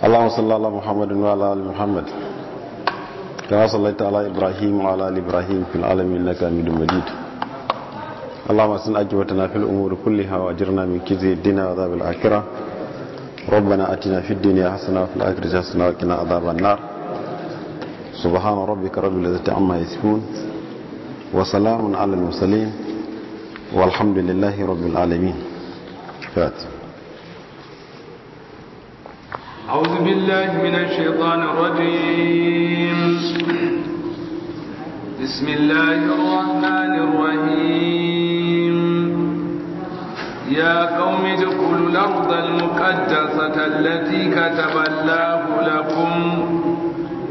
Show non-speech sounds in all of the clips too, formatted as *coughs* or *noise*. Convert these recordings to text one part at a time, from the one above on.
اللهم صل على محمد وعلى ال محمد كما صليت على ابراهيم وعلى ال ابراهيم في العالمين انك حميد مجيد اللهم احسن اجوبتنا في الامور كلها واجرنا من كيزي الدنيا وعذاب الاخره ربنا اتنا في الدنيا حسنه وفي الاخره حسنه وقنا عذاب النار سبحان ربك رب العزه عما يصفون وسلام على المرسلين والحمد لله رب العالمين فاتح أعوذ بالله من الشيطان الرجيم بسم الله الرحمن الرحيم يا قوم ادخلوا الأرض المقدسة التي كتب الله لكم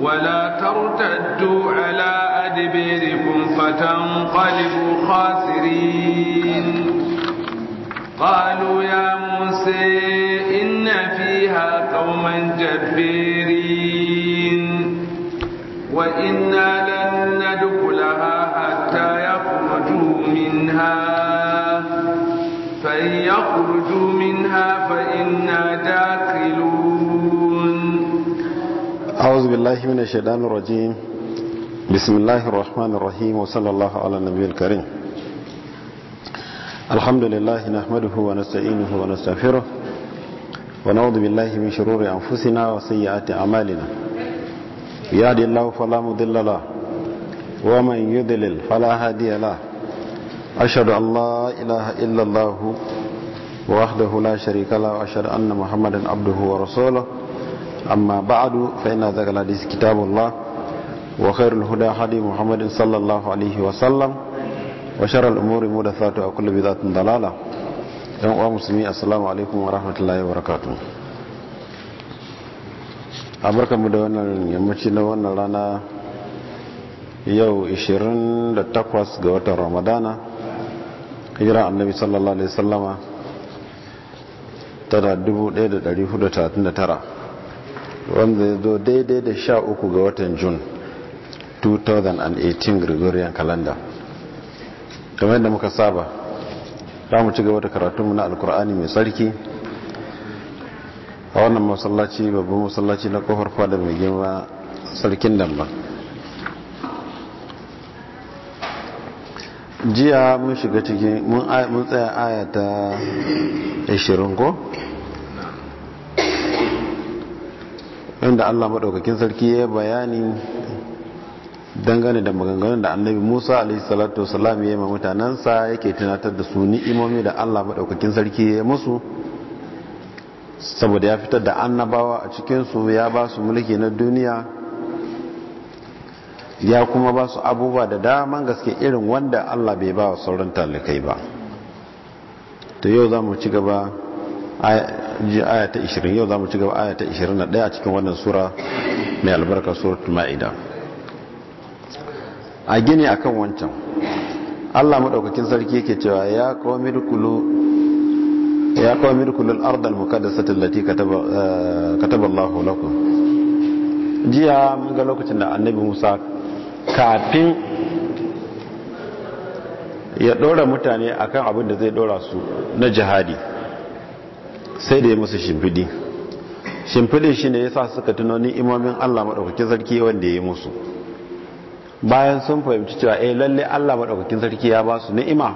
ولا ترتدوا على أدبيركم فتنقلبوا خاسرين قالوا يا موسى إن فيها قوما جبيرين وإنا لن ندخلها حتى يخرجوا منها فإن يخرجوا منها فإنا داخلون أعوذ بالله من الشيطان الرجيم بسم الله الرحمن الرحيم وصلى الله على النبي الكريم الحمد لله نحمده ونستعينه ونستغفره ونعوذ بالله من شرور أنفسنا وسيئات أعمالنا يهدي الله فلا مضل له ومن يضلل فلا هادي له أشهد أن لا إله إلا الله وحده لا شريك له وأشهد أن محمدا عبده ورسوله أما بعد فإن ذلك الحديث كتاب الله وخير الهدى هدي محمد صلى الله عليه وسلم wa sharar umuri mu da fatu a kullabi zatin dalala don uwa musulmi assalamu alaikum wa rahmatullahi wa barakatu a mu da wannan yammaci na wannan rana yau 28 ga watan ramadana hijira annabi sallallahu alaihi sallama tana 1439 wanda ya zo daidai da 13 ga watan june 2018 gregorian calendar kamar yadda muka saba za mu ci gaba da karatunmu na alkur'ani mai sarki a wannan masallaci babban masallaci na kofar fada mai girma sarkin damba jiya mun shiga cikin mun tsaya aya ta 20 ko inda allah maɗaukakin sarki ya bayani dangane da maganganun da annabi musa alaihissalatu wasalam ya yi mutanensa yake tunatar da su ni'imomi da allah maɗaukakin sarki ya yi musu saboda ya fitar da annabawa a cikinsu ya ba su mulki na duniya ya kuma ba su abubuwa da daman gaske irin wanda allah bai ba wa sauran talikai ba to yau za mu ci gaba aya ta 20 yau za mu ci gaba aya ta 21 a cikin wannan sura mai albarka suratul ma'ida a gini a kan wancan Allah maɗaukakin sarki yake cewa ya kawo mirkulu ya qawmi dukulu al-ard al laku, jiya mun ga lokacin da annabi Musa kafin ya ɗora mutane akan abin da zai ɗora su na jihadi sai da ya musu shimfidi shimfidi shi ne ya sa suka tunanin imamin Allah maɗaukakin sarki wanda ya yi musu bayan sun fahimci cewa eh lalle Allah madaukakin sarki ya ba su ni'ima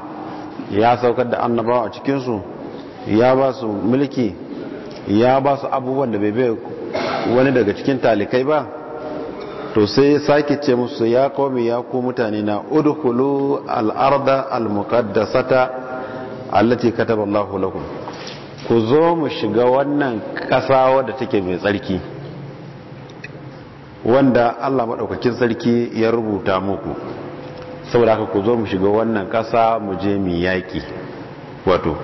ya saukar da annabawa a cikin su ya ba su mulki ya ba su abubuwan da bai bai wani daga cikin talikai ba to sai ya sake ce musu ya komi ya ku mutane na udkhulu al-arda al-muqaddasata allati kataballahu lakum ku zo mu shiga wannan ƙasa wadda take mai tsarki wanda Allah maɗaukakin sarki ya rubuta muku saboda haka ku zo mu shiga wannan ƙasa mu je mu yaƙi wato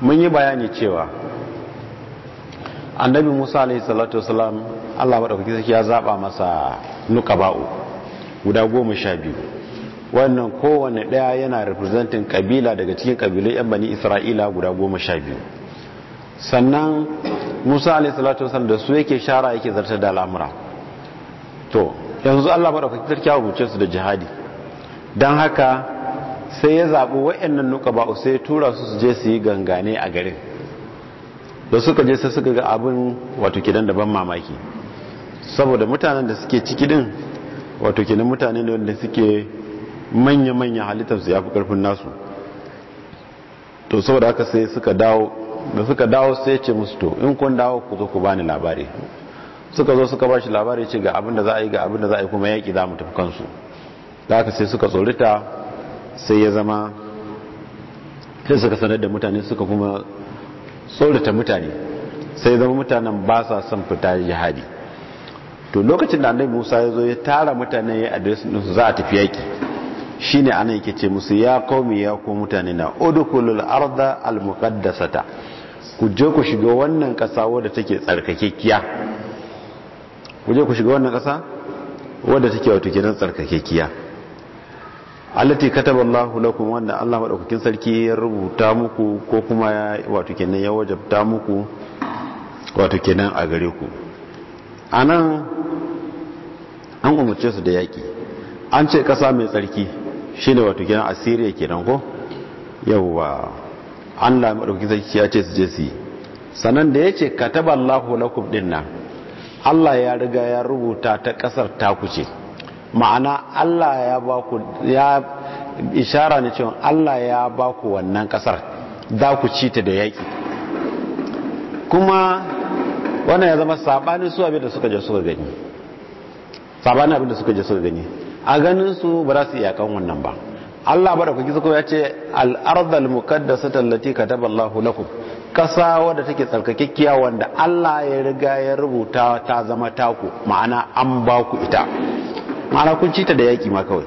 mun yi bayani cewa annabi Musa alaihi salatu wasalam Allah maɗaukakin sarki ya zaɓa masa nukaba'u guda goma sha biyu wannan kowane ɗaya yana representin kabila daga cikin ƙabilun yan bani isra'ila guda goma sha biyu sannan musa salatu wasalam da su yake shara yake zartar da al'amura to yanzu Allah madaukakin sarki ya rubuce su da jihadi don haka sai ya nan nuka ba'u sai ya tura su su je su yi gangane a garin da suka je sai suka ga abin wato kidan da ban mamaki saboda mutanen da suke ciki din wato kidan mutane ne wanda suke manya-manya halittar su fi karfin nasu to saboda haka sai suka dawo da suka dawo sai ce musu to in kun dawo ku zo ku bani labari suka zo suka bashi labari ce ga abinda za a yi ga abinda za a yi kuma yaƙi za mu tafi kansu da aka sai suka tsorita sai ya zama sai suka sanar da mutane suka kuma tsorita mutane sai zama mutanen ba sa son fita jihadi to lokacin da annabi Musa ya zo ya tara mutane ya address din za a tafi yaki shine ana yake ce musu ya qaumi ya ku mutane na udkhulul arda al muqaddasata ku je ku shiga wannan kasa wadda take tsarkakekiya ku je ku shiga wannan ƙasa wadda take wato kenan tsarkakekiya allati kataballahu lakum wanda Allah madaukakin sarki ya rubuta muku ko kuma ya wato kenan ya wajabta muku wato kenan a gare ku anan an umurce su da yaki an ce ƙasa mai tsarki shine wato kenan asiriya kenan ko yawwa Allah madaukakin sarki ya ce su je su sanan sannan da yace kataballahu lakum dinnan Allah ya riga ya rubuta ta kasar taku ce ma'ana Allah ya ba ku ya ishara ne cewa Allah ya ba ku wannan kasar za ku ci ta da yaƙi kuma wannan ya zama sabanin su abin da suka je suka gani sabanin abin da suka je suka gani a ganin su ba za su iya kan wannan ba Allah ba da gizo suka ya ce al ardhal muqaddasatan allati kataballahu lakum ƙasa wadda take tsarkakekkiya wanda Allah ya riga ya rubuta ta zama taku ma'ana an ba ku ita ma'ana kun cita da yaƙi ma kawai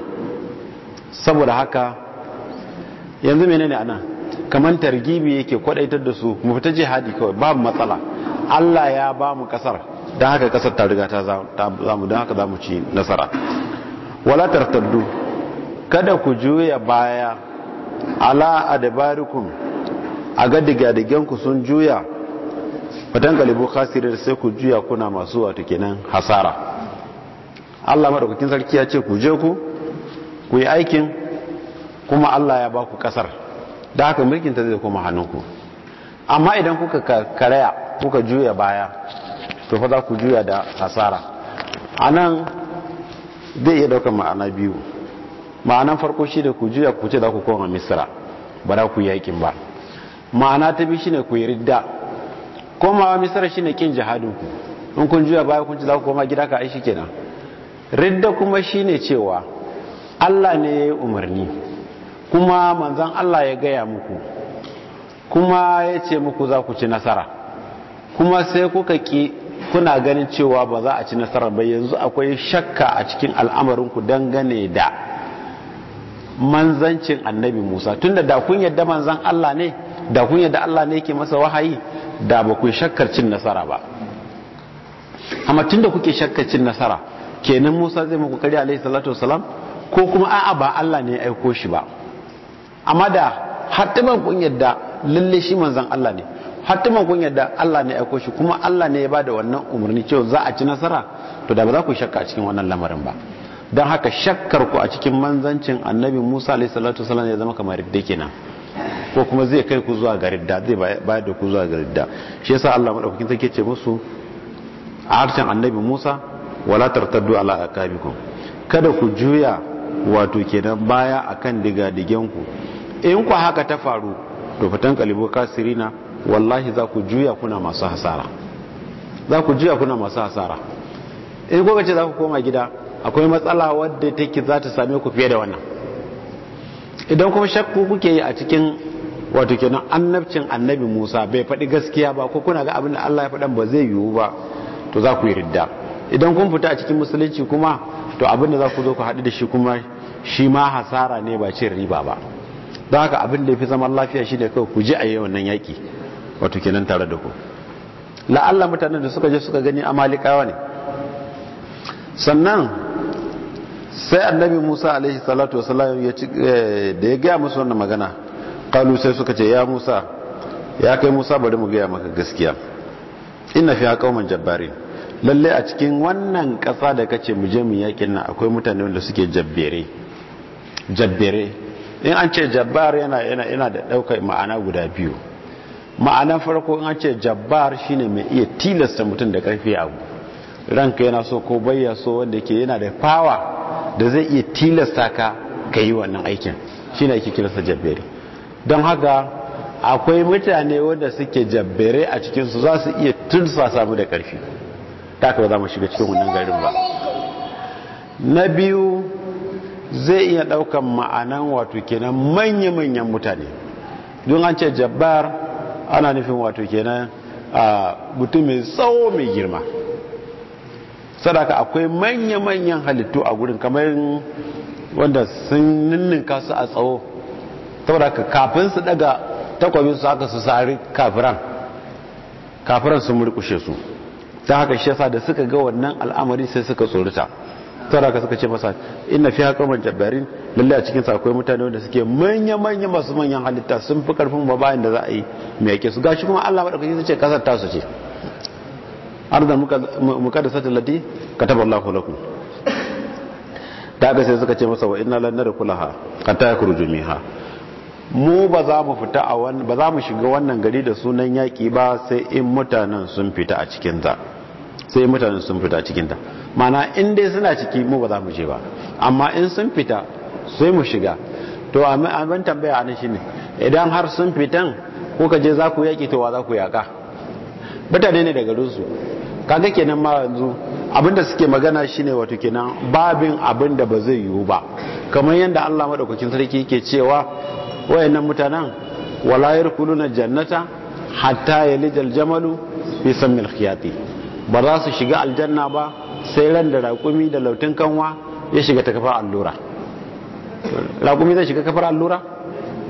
saboda haka yanzu menene ana kamar targibi yake kwadaitar da su mu fita jihadi kawai babu matsala Allah ya ba mu ƙasar don haka ƙasar ta riga ta zamu don haka za ci nasara wala tartaddu kada ku juya baya ala adabarikum a ga digadiganku sun juya fatan galibu khasirar sai ku juya kuna masu wato kenan hasara Allah madaukakin sarki ya ce ku je ku ku yi aikin kuma Allah ya ba ku kasar da haka mulkin ta zai koma hannunku amma idan kuka karaya kuka juya baya to fa za ku juya da hasara anan zai iya ɗaukar ma'ana biyu ma'anan farko shi da ku juya ku ce za ku koma misira ba za ku yi aikin ba ma'ana ta bi shine ku yarda komawa shi shine kin jihadin in kun juya baya kun ci za ku koma gida ka aishi kenan ridda kuma shine cewa Allah ne ya yi umarni kuma manzan Allah ya gaya muku kuma ya ce muku za ku ci nasara kuma sai kuka ki kuna ganin cewa ba za a ci nasara ba yanzu akwai shakka a cikin al'amarinku dangane da manzancin annabi musa tunda da kun yadda manzan Allah ne da kun yadda Allah ne yake masa wahayi da ba ku shakkar cin nasara ba amma tunda kuke shakkar cin nasara kenan Musa zai muku kare alaihi salatu wasalam ko kuma a'a ba Allah ne ya aiko shi ba amma da hatiman kun yadda lalle shi manzon Allah ne hatiman kun yadda Allah ne ya aiko shi kuma Allah ne ya bada wannan umarni cewa za a ci nasara to da ba za ku shakka a cikin wannan lamarin ba dan haka shakkar ku a cikin manzancin annabi Musa alaihi salatu wasalam ya zama kamar da kenan ko kuma zai kai ku zuwa garidda zai bayar da ku zuwa garidda shi yasa Allah madaukakin sarki ce musu a harshen annabi Musa wala tartaddu ala aqabikum kada ku juya wato kenan baya akan diga digen ku in ku haka ta faru to fatan kalibu kasirina wallahi za ku juya kuna masu hasara za ku juya kuna masu hasara in kuka ce za ku koma gida akwai matsala wadda take za ta same ku fiye da wannan idan kuma shakku kuke yi a cikin wato kenan annabcin annabi Musa bai faɗi gaskiya ba ko kuna ga abinda da Allah ya faɗan ba zai yiwu ba to za ku yi ridda idan kun fita a cikin musulunci kuma to abin da za ku zo ku haɗu da shi kuma shi ma hasara ne ba cin riba ba don haka abin ya fi zaman lafiya shi ne kawai ku ji a yi wannan yaƙi wato kenan tare da ku la'alla mutanen da suka je suka gani amalikawa ne sannan sai annabi musa alaihi salatu wasalam eh, da ya gaya musu wannan magana kalu sai suka ce ya musa ya kai musa bari mu gaya maka gaskiya ina fi haƙauman jabbari lalle a cikin wannan ƙasa da kace mu je mu yakin nan akwai mutane wanda suke jabbere jabbere in an ce jabbar yana yana yana da ɗaukar ma'ana guda biyu ma'anan farko in an ce jabbar shine mai iya tilasta mutum da karfi abu ranka yana so ko bayya so wanda ke yana da fawa da zai iya tilasta ka ka yi wannan aikin shine ake kiransa jabbere don haka akwai mutane wanda suke jabbere a cikinsu za su iya su samu da ƙarfi ta ba za mu shiga cikin wannan garin ba na biyu zai iya ɗaukan ma'anan wato kenan manya-manyan mutane don an ce jabbar ana nufin wato kenan a mutum mai tsawo mai girma sadaka akwai manya-manyan halittu a gurin kamar wanda sun ninninka su a tsawo saboda kafin su daga takwabin su haka su sari kafiran kafiran sun murkushe su ta haka shi yasa da suka ga wannan al'amari sai suka tsorita saboda ka suka ce masa inna fi man jabbarin lallai a cikin akwai mutane wanda suke manya-manya masu manyan halitta sun fi karfin bayan da za a yi mai yake su gashi kuma allah maɗaukaki su ce ta tasu ce arzan muka da sata lati ka taɓa allahu lakum ta ga sai suka ce masa wa ina lannar kulaha ka ta yi kurjumi mu ba za mu fita a wannan ba za mu shiga wannan gari da sunan yaki ba sai in mutanen sun fita a cikin ta sai mutanen sun fita a cikin ta mana in dai suna ciki mu ba za mu je ba amma in sun fita sai mu shiga to abin tambaya a nan shine idan har sun fitan ko ka je za ku yaki to wa za ku yaka mutane ne daga garinsu kaga kenan ma yanzu abinda suke magana shine wato kenan babin abinda ba zai yiwu ba kamar yadda Allah madaukakin sarki yake cewa wayannan mutanen wala na jannata hatta yalijal jamalu fi sammil khiyati ba za su shiga aljanna ba sai ran da raƙumi da lautin kanwa ya shiga ta kafar allura raƙumi zai shiga kafar allura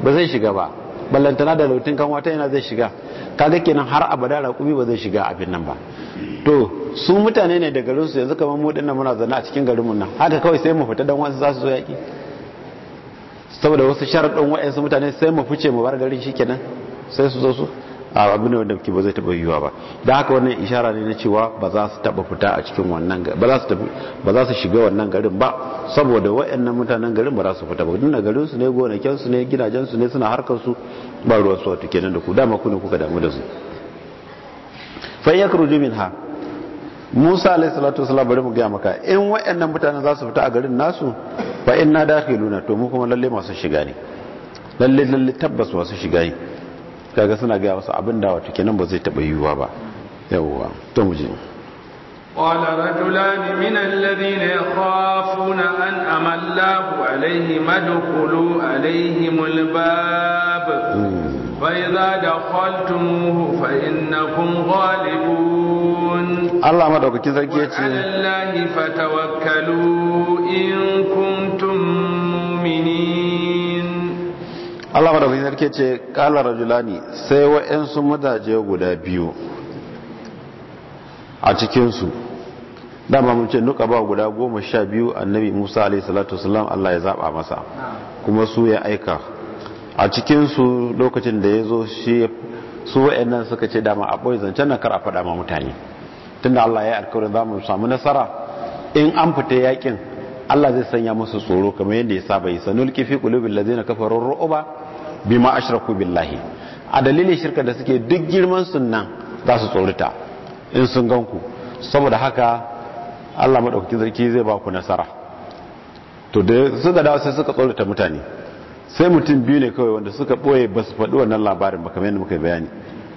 ba zai shiga ba ballantana da lautin kanwa ta yana zai shiga kaga kenan har abada raƙumi ba zai shiga abin nan ba to su mutane ne da garinsu yanzu kamar mu dinnan muna zanna a cikin garin mu nan haka kawai sai mu fita dan wasu za su zo yaƙi saboda wasu sharaɗin wa'yansu mutane sai mu fice mu bar garin kenan sai su zo su a abin wanda ke ba zai taɓa yiwuwa ba da haka wannan ishara ne na cewa ba za su taɓa fita a cikin wannan ba ba za su shiga wannan garin ba saboda wa'yannan mutanen garin ba za su fita ba dinna garin su ne gonakin su ne gidajen su ne suna harkar su ba ruwan su wato kenan da ku dama ku ne kuka damu da su fa yakruju ha. Musa alayhi salatu wasallam bari mu gaya maka in wa'annan mutanen za su fita a garin nasu fa inna dakhiluna to mu kuma lalle masu shiga ne lalle lalle tabbas masu shiga ne kaga suna gaya wasu abin da wato kenan ba zai taba yiwuwa ba yawwa to mu je قال رجلان من الذين يخافون أن أملاه عليهم ادخلوا عليهم الباب فإذا دخلتموه فإنكم غالبون الله ما دوك كذا كيتي الله فتوكلوا إن كنتم مؤمنين الله ما Allah madaukakin sarki ce kala rajulani sai wa'yansu madaje guda biyu a cikinsu dama mun ce nuka ba guda goma sha biyu annabi musa alaihi salatu wasalam Allah ya zaba masa kuma su ya aika a cikinsu lokacin da ya zo shi su wa'annan suka ce dama a ɓoye zancen na kar a faɗa ma mutane tunda Allah ya alkawarin za mu samu nasara in an fita yakin Allah zai sanya musu tsoro kamar yadda ya saba yi sanulki fi qulubil ladzina kafaru ru'ba bima ashraku billahi a dalilin shirka da suke duk girman sunan za su tsorita in sun ganku saboda haka Allah madaukakin sarki zai ba ku nasara to da suka dawo sai suka tsorita mutane sai mutum biyu ne kawai wanda suka ɓoye ba su faɗi wannan labarin ba kamar yadda muka bayani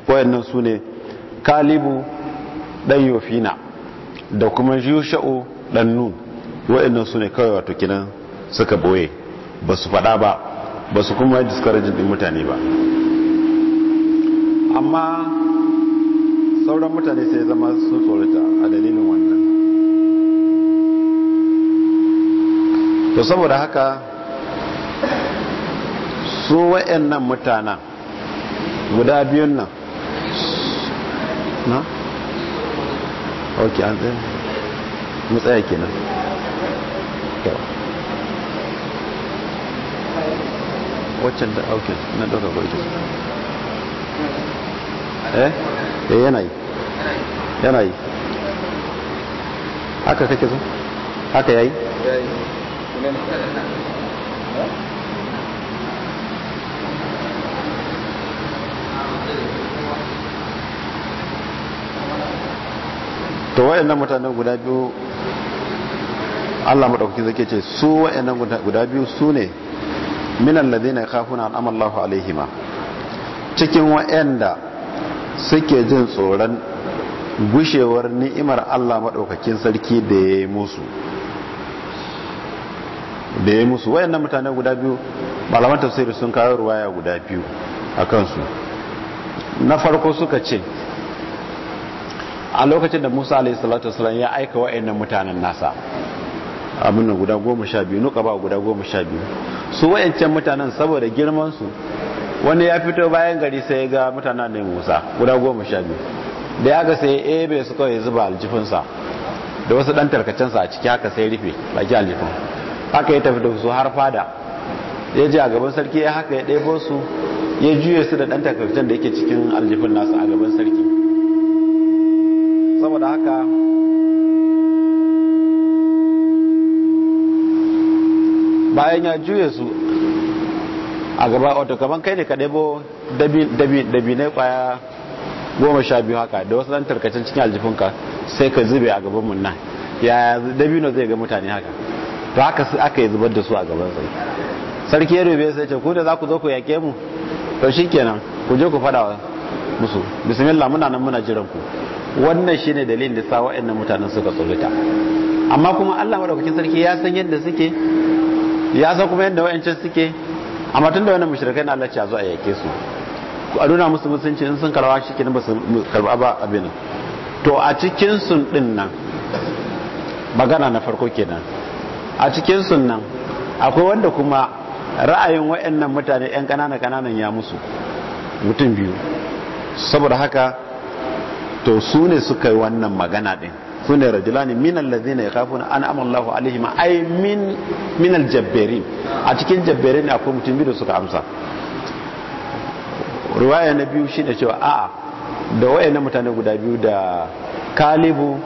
wayannan su ne kalibu ɗan yofina da kuma yusha'u ɗan nun wayannan su ne kawai wato kinan suka ɓoye ba su faɗa ba ba su kuma discouraging ɗin mutane ba amma sauran mutane sai zama sun tsorata a dalilin wannan to saboda haka su wa'annan mutanen guda biyun nan na? ok an tsaye matsaya ke nan waccan da ok na daga kwaita eh eh yanayi yanayi haka kake zo haka yayi to wayannan mutanen guda biyu Allah madaukaki zake ce su wayannan guda biyu su ne minan ladina yakhafuna an'ama Allahu alaihima cikin wayanda suke jin tsoron gushewar ni'imar Allah madaukakin sarki da ya yi musu da ya yi musu wayannan mutanen guda biyu malaman tafsiri sun kawo ruwaya guda biyu a kansu na farko suka ce a lokacin da musa alayhi salatu wasalam ya aika wa'annan mutanen nasa abin nan guda goma sha biyu nuka ba guda goma sha biyu su wa'ancan mutanen saboda girmansu. wani ya fito bayan gari sai ga mutanen ne musa guda goma sha biyu da ya ga sai ya ebe su kawai zuba aljifinsa da wasu dan tarkacensa a ciki haka sai rufe baki aljifin haka ya tafi da su har fada ya ji a gaban sarki ya haka ya ɗebo su ya juye su da dan tarkacen da yake cikin aljifin nasu a gaban sarki saboda haka bayan ya juye su a gaba wato kamar kai ne ka ɗebo dabinai kwaya goma sha biyu haka da wasu ɗan tarkacin cikin aljifinka sai ka zube a gaban mun nan ya dabino zai ga mutane haka to haka su aka yi zubar da su a gaban sai sarki ya rube sai ce ku da za ku zo ku yake mu to shi kenan ku je ku faɗa musu bismillah muna nan muna jiran ku wannan shine dalilin da sa wa'annan mutanen suka tsorita amma kuma Allah madaukakin sarki ya san yadda suke ya san kuma yadda wa'ancin suke amma tunda wannan mushrikai na Allah ya zo a yake su ku a nuna musu musulunci in sun karba shi kenan ba su karba ba abin to a cikin sun din nan magana na farko kenan a cikin sun nan akwai wanda kuma ra'ayin wa'annan mutane yan kanana kananan ya musu mutum biyu saboda haka to su ne suka yi wannan magana din su ne rajulani min allazina yakhafuna an amallahu alaihim ay min min aljabbarin a cikin jabbarin akwai mutum biyu da suka amsa riwaya na biyu shine cewa a'a da na mutane guda biyu da kalibu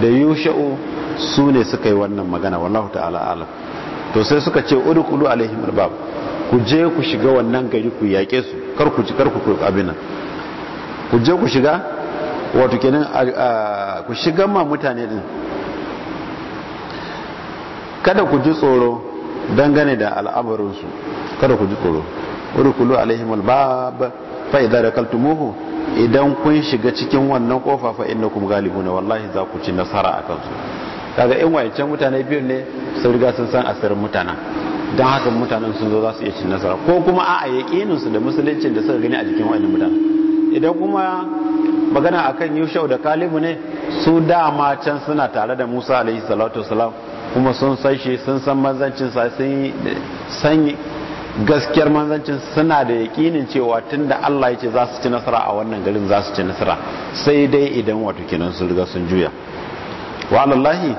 da yusha'u su ne suka yi wannan magana wallahu ta'ala alam to sai suka ce udkhulu alaihim albab ku je ku shiga wannan gari ku yake su kar ku ci kar ku abin nan ku je ku shiga wato kenan ku shigan ma mutane din kada ku ji tsoro dangane da al'amarinsu kada ku ji tsoro urkulu alaihim albab fa idza rakaltumuhu idan kun shiga cikin wannan kofa fa innakum galibuna wallahi za ku ci nasara a kansu kaga in can mutane biyu ne sun riga sun san asirin mutana don haka mutanen sun zo za su iya cin nasara ko kuma a a yaƙinin su da musuluncin da suka gani a jikin wani mutanen idan kuma magana akan yushau da kalibu ne su dama can suna tare da musa alaihi salatu wasalam kuma sun san shi sun san manzancin sa sun san gaskiyar manzancin suna da yakinin cewa tunda Allah ya ce za su ci nasara a wannan garin za su ci nasara sai dai idan wato kenan sun riga sun juya wa alallahi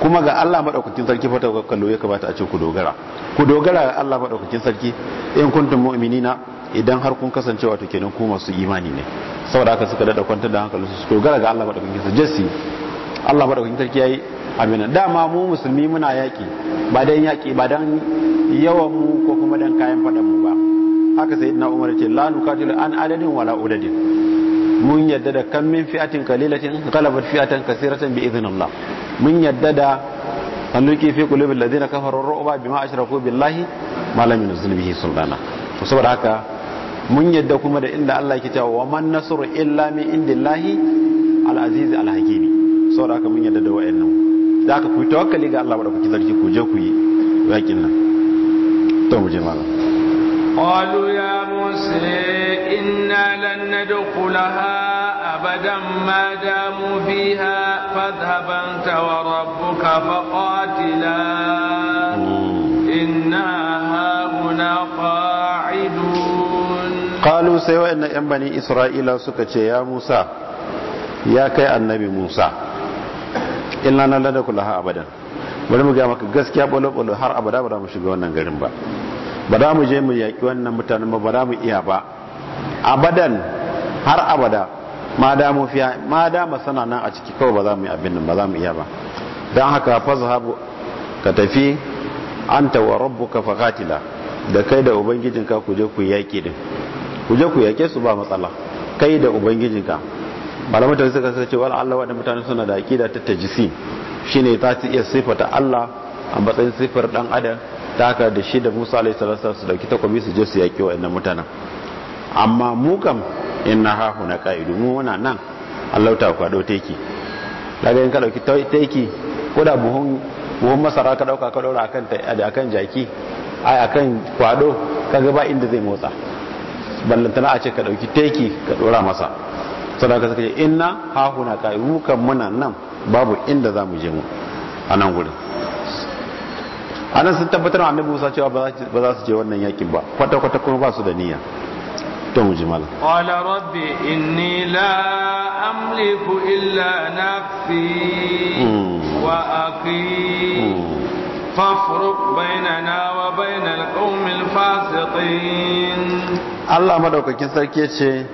kuma ga Allah madaukakin sarki fata kallo ya kamata a ce ku dogara ku dogara ga Allah madaukakin sarki in kuntum mu'minina idan har kun kasance wato kenan ku masu imani ne saboda haka suka dada kwantar da hankalinsu su dogara ga Allah madaukakin sarki jasi Allah madaukakin sarki yayi amina dama mu musulmi muna yaki ba dan yaki ba dan yawan mu ko kuma dan kayan fada mu ba haka sayyidina Umar ce la nuqatilu an adadin wala udadin mun yadda da kan min fi'atin qalilatin qalabat fi'atan kaseeratan bi idhnillah mun yadda da annuki fi qulubil ladina kafaru ru'ba bima ashraku billahi ma lam yunzil bihi sultana saboda haka mun yadda kuma da inda Allah ke cewa man nasru illa min indillahi al-aziz al-hakim saboda haka mun yadda da wayannan da haka ku tawakkali ga Allah ba da ku zarki ku je ku yi yakin nan to mu je malam qalu ya musa inna lan nadkhulaha abadan ma damu fiha fadhhab anta wa rabbuka faqatila hmm. inna qalu sai wa'annan yan bani isra'ila suka ce ya musa ya kai annabi musa illa na lada ha abadan bari mu ga maka gaskiya bolo bolo har abada ba za mu shiga wannan garin ba ba za mu je mu yaƙi wannan mutanen ba ba za mu iya ba abadan har abada ma da mu fiya ma da mu sana nan a ciki kawai ba za mu yi abin nan ba za mu iya ba dan haka fa zahabu ka tafi anta wa rabbuka qatila da kai da ubangijinka ku je ku yaƙi din ku je ku yake su ba matsala kai da ubangijinka malamai da suka sace wal Allah wadanda mutane suna da aqida ta tajisi shine ta ci iya sifata Allah a matsayin sifar dan adam ta haka da shi da Musa alaihi salatu su dauki takobi su je su yake wayannan mutanen amma mu kam inna ha huna qaidu mu wana nan Allah ta kwado teki daga in ka dauki teki ko da buhun buhun masara ka dauka ka daura akan akan jaki ai akan kwado kaga ba inda zai motsa ballantana a ce ka dauki teki ka dora masa sadaka suka ce inna ha huna kai wukan muna nan babu inda za mu je mu a nan A nan sun tabbatar wa annabi Musa cewa ba za su je wannan yakin ba kwata kwata kuma ba su da niyya to mu ji mala qala rabbi inni la amliku illa nafsi hmm. wa akhi hmm. bainana wa bainal qawmil fasiqin Allah madaukakin sarki ce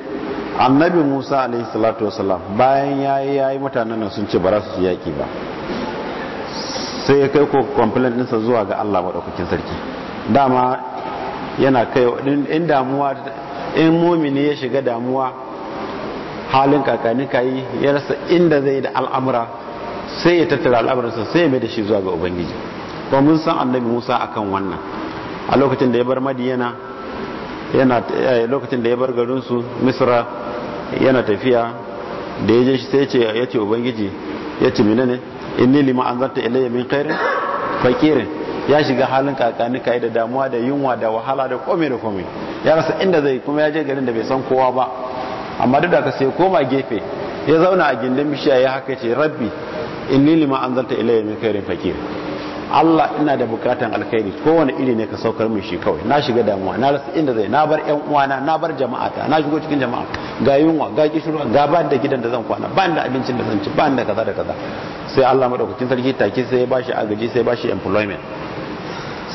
annabi Musa alaihi salatu wasalam bayan yayi yayi mutanen nan sun ce ba za su yaki ba sai ya kai ko complaint sa zuwa ga Allah madaukakin sarki dama yana kai in damuwa in mumini ya shiga damuwa halin kakanin kai ya rasa inda zai da al'amura sai ya tattara al'amuransa sai ya mai da shi zuwa ga ubangiji ba mun san annabi Musa akan wannan a lokacin da ya bar Madiyana yana eh, lokacin da ya bar garinsu misra yana tafiya da ya je shi sai ya ce ubangiji ya ce mene ne inni lima an zanta ilayya min khairin fakirin ya shiga halin kakani kai da damuwa da yunwa da wahala da komai da komai ya rasa inda zai kuma ya je garin da bai san kowa ba amma duk da ka sai koma gefe ya zauna a gindin bishiya ya haka ce rabbi inni lima an zanta ilayya min khairin fakirin Allah ina da bukatan alkhairi kowane iri ne ka saukar min shi kawai na shiga damuwa na rasa inda zai na bar yan uwana na bar jama'ata na shigo cikin jama'a ga yunwa ga kishirwa ga ba da gidan da zan kwana ba da abincin da zan ci ba da kaza da kaza sai Allah madaukakin sarki take sai ya bashi agaji sai ya bashi employment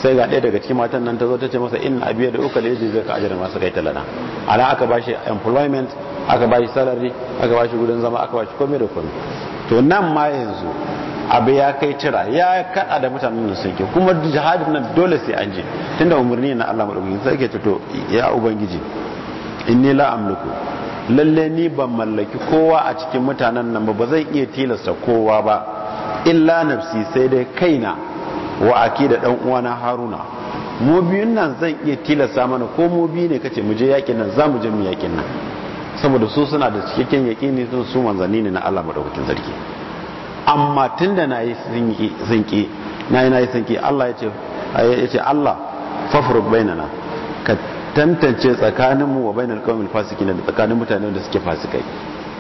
sai ga ɗaya daga cikin matan nan ta zo ta ce masa in abiya da uka leji zai ka ajiyar masa kai talana ala aka ba shi employment aka bashi salary aka ba shi gudun zama aka ba shi komai da komai to nan ma yanzu abu ya kai cira ya kada da mutanen da suke kuma jihadin nan dole sai an je tunda umarni na Allah madaukakin sai ke ya ubangiji inni la amliku lalle ni ban mallaki kowa a cikin mutanen nan ba zai iya tilasta kowa ba illa nafsi sai dai kaina wa akida da dan uwana haruna mu biyun nan zan iya tilasta mana ko mu biyu ne kace mu je yakin nan zamu je mu yakin nan saboda su suna da cikakken yaƙini sun su manzanni ne na Allah madaukakin sarki amma tun da na yi zinki na yi na yi zinki Allah ya ce Allah fafruk bainana ka tantance tsakaninmu wa bainar kawai fasiki da tsakanin mutane da suke fasikai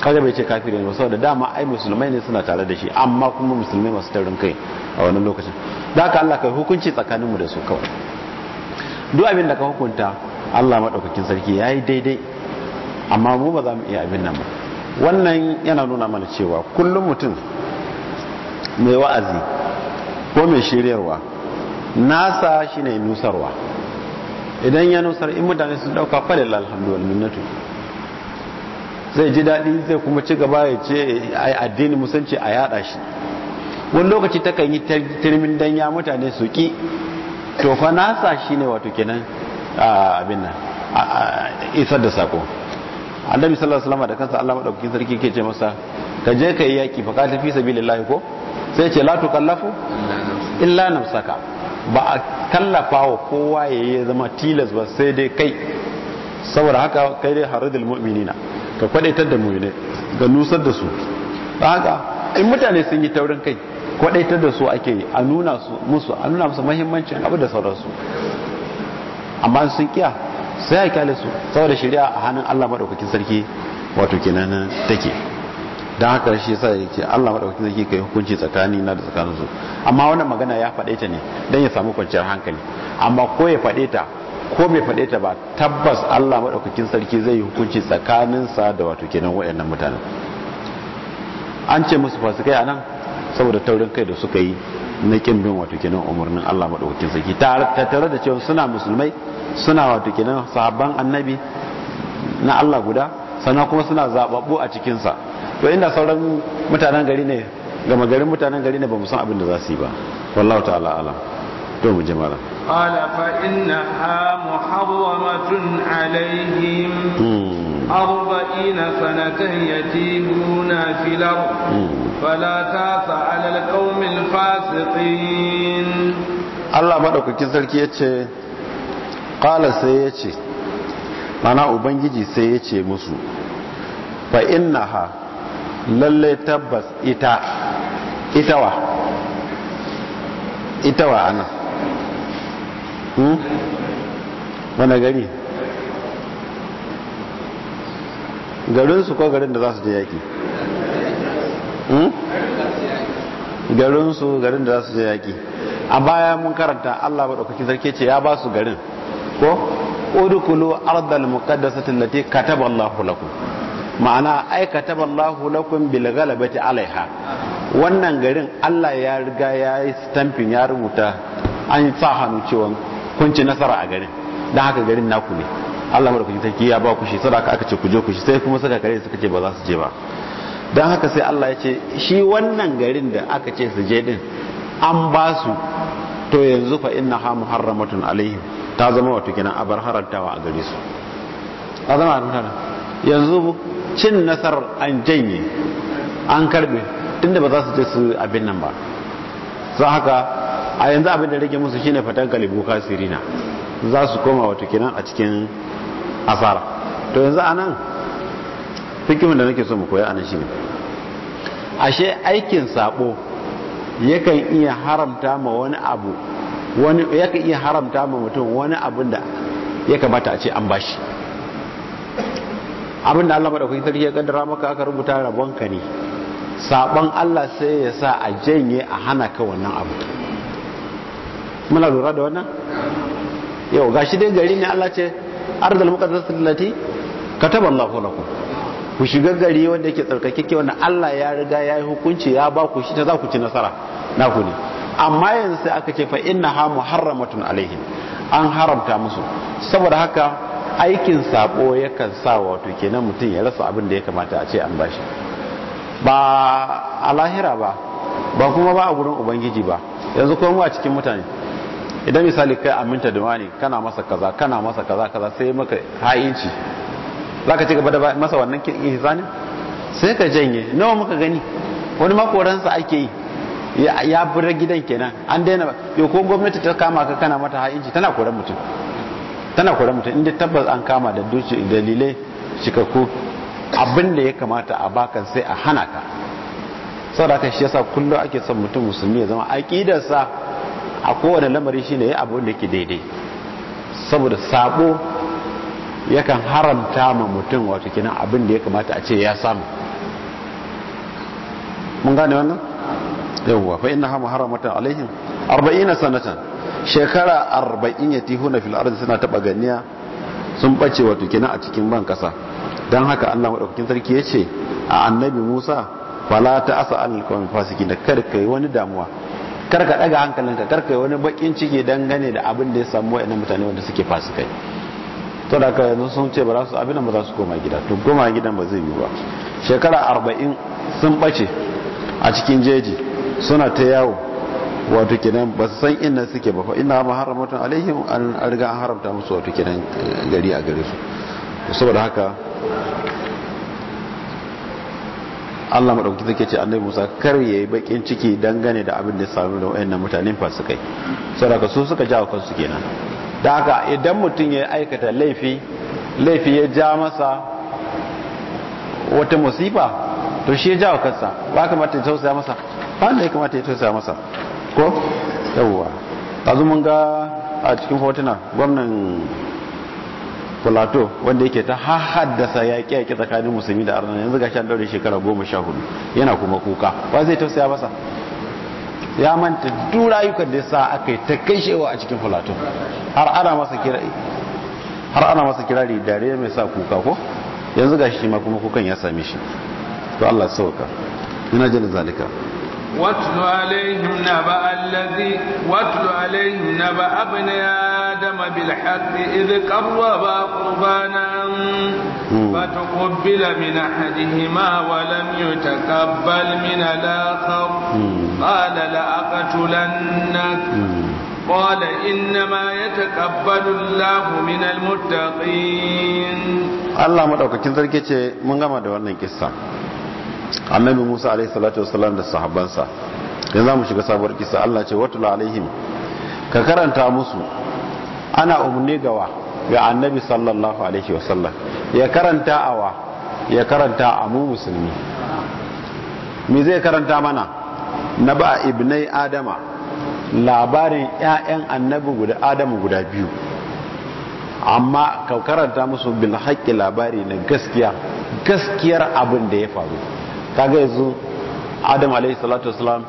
kaga bai ce kafiri ne saboda dama ai musulmai ne suna tare da shi amma kuma musulmai masu tarin kai a wannan lokacin da ka Allah kai hukunci tsakaninmu da su kawai duk abin da ka hukunta Allah madaukakin sarki yayi daidai amma mu ba za mu iya abin nan ba wannan yana nuna mana cewa kullum mutum mai wa'azi ko mai shiryarwa nasa shine nusarwa idan ya nusar in mutane sun dauka falil minnatu zai ji daɗi zai kuma ci gaba ya ce addini musanci a yada shi wani lokaci ta kan yi tirmin danya mutane su ki to fa nasa shine wato kenan abin nan isar da sako annabi sallallahu alaihi wasallam da kansa Allah madaukakin sarki ke ce masa ka je ka yi yaki fa ka tafi sabilillahi ko sai ce latu kallafu illa nafsaka ba a kallafa wa kowa ya yi zama tilas ba sai dai kai saboda haka kai dai haridul mu'minina ka kwadaitar da mu'mine ga nusar da su don haka in mutane sun yi taurin kai kwadaitar da su ake yi a nuna musu a nuna musu muhimmancin abu da sauransu amma sun kiya sai a kyale su saboda shari'a a hannun Allah madaukakin sarki wato kenan take don haka shi yasa ya ce Allah madaukakin sarki kai hukunci tsakani na da tsakanin su amma wannan magana ya faɗe ta ne don ya samu kwanciyar hankali amma ko ya faɗe ta ko bai faɗe ta ba tabbas Allah maɗaukakin sarki zai yi hukunci tsakanin sa da wato kenan wayannan mutanen an ce musu fasu a nan saboda taurin kai da suka yi na kin bin wato kenan umarnin Allah maɗaukakin sarki tare da cewa suna musulmai suna wato kenan sahabban annabi na Allah guda sannan kuma suna zababbu a cikinsa to inda sauran mutanen gari ne gama garin mutanen gari ne ba san abin da za su yi ba wallahu ta'ala ala, to mu jama'a ala fa ha muharramatun alaihim hmm. arba'ina sanatan yatimuna fil hmm. fala tasa ala alqaumil fasiqin Allah madaukakin sarki yace qala sai yace mana ubangiji sai ya ce musu fa ha lalle tabbas ita itawa itawa ana hmm? wani gari garinsu ko garin da za su je yaki hmm? su garin da za su je yaki a baya mun karanta allah maɗaukakin sarki ce ya ba su garin ko udkhulu ardal muqaddasati allati kataba Allahu lakum ma'ana aikata kataba Allahu lakum bil ghalabati alaiha wannan garin Allah ya riga ya yi stamping ya rubuta an sa hannu cewa kun ci nasara a garin dan haka garin naku ne Allah madaukakin sarki ya ba ku shi sadaka aka ce ku je ku shi sai kuma suka kare suka ce ba za su je ba dan haka sai Allah ya ce shi wannan garin da aka ce su je din an ba su to yanzu fa innaha muharramatun alaihim ta zama wato kenan bar harantawa a gare su ta zama yanzu cin nasarar an janye an karbe tunda ba za su je su abin nan ba su haka a yanzu abin da rage musu shine fatan kalibu kasirina za su koma wato kenan a cikin asara to yanzu a anan hikimin da nake so mu koya anan shine ashe aikin sabo yakan iya haramta ma wani abu wani yakan iya haramta ma mutum wani abin da ya kamata a ce an bashi abin da Allah madaukakin sarki ya kaddara maka aka rubuta ka ne saban Allah sai ya sa a janye a hana ka wannan abu muna lura da wannan yau gashi dai gari ne Allah ce ardal muqaddas ka kataba Allahu lakum ku shiga gari wanda yake tsarkakeke wanda Allah ya riga ya yi hukunci ya ba ku shi ta za ku ci nasara na ku ne amma yanzu sai aka ce fa inna ha muharramatun alaihim an haramta musu saboda haka aikin sabo yakan sa wato kenan mutum ya rasa abin da ya kamata a ce an bashi ba a lahira ba ba kuma ba a gurin ubangiji ba yanzu kuma a cikin mutane idan misali kai aminta da wani kana masa kaza kana masa kaza kaza sai maka ha'inci zaka ci gaba da masa wannan ihsanin sai ka janye nawa muka gani wani makoransa ake yi ya bura gidan kenan an daina yo ko gwamnati ta kama ka kana mata ha'inci tana koran mutum tana koran mutum inda tabbas an kama da duci dalilai cikakku abin da ya kamata a bakan sai a hana ka saboda haka shi yasa kullum ake son mutum musulmi ya zama aqidarsa a kowane lamari shine ya abu da yake daidai saboda sabo yakan haramta ma mutum wato kenan abin da ya kamata a ce ya samu mun gane wannan yawwa fa innaha muharramatan alaihim 40 sanatan shekara 40 yatihuna fil ardi suna taba ganiya sun bace wato kenan a cikin ban kasa dan haka Allah madaukakin sarki yace a annabi Musa fala ta asa anil qawmi fasikin kar kai wani damuwa kar ka daga hankalinka kar kai wani bakin ciki dangane da abin da ya samu wa'annan mutane wanda suke fasikai to da ka yanzu sun ce ba za su abin da ba za su koma gida to goma gidan ba zai yi ba shekara 40 sun bace a cikin jeji suna ta yawo wato kenan ba su san inna suke ba inna ma haramta alaihim an riga an haramta musu wato kenan eh, gari a gare su saboda haka Allah madauki take ce annabi Musa kar yayi bakin ciki dangane da abin da ya samu da wayannan mutanen fasikai saboda su suka jawo kansu kenan da haka idan mutum ya aikata laifi laifi ya ja masa wata musiba to shi ya jawo kansa ba kamata ya tausaya masa ba da ya kamata ya tausaya masa ko yawwa yanzu mun ga a cikin hotuna gwamnan plateau wanda yake ta haddasa yaƙi yaƙi tsakanin musulmi da arna yanzu ga shan daure shekara goma sha hudu yana kuma kuka ba zai tausaya masa ya manta duk rayukan da sa aka yi ta shewa a cikin plateau har ana masa kirari har ana masa kirari dare mai sa kuka ko yanzu ga shi ma kuma kukan ya same shi to Allah ya sauka ina jin zalika watlu alayhim naba alladhi watlu alayhim naba abna adama bil haqq id qarraba qurbanan فتقبل من أحدهما ولم يتقبل من الآخر قال لأقتلنك قال إنما يتقبل الله من المتقين الله مدعوك كنت من wannan دوانا annabi Musa alaihi salatu wasallam da sahabbansa yanzu zamu shiga sabuwar kisa Allah ce watul alaihim ka karanta musu ana umne gawa ga annabi sallallahu alaihi wasallam ya karanta awa ya karanta a mu musulmi me zai karanta mana na ba ibnai adama labarin ƴaƴan annabi guda adamu guda biyu amma ka karanta musu bil haƙƙi labari na gaskiya gaskiyar abin da ya faru kaga yanzu adam alaihi salatu wasalam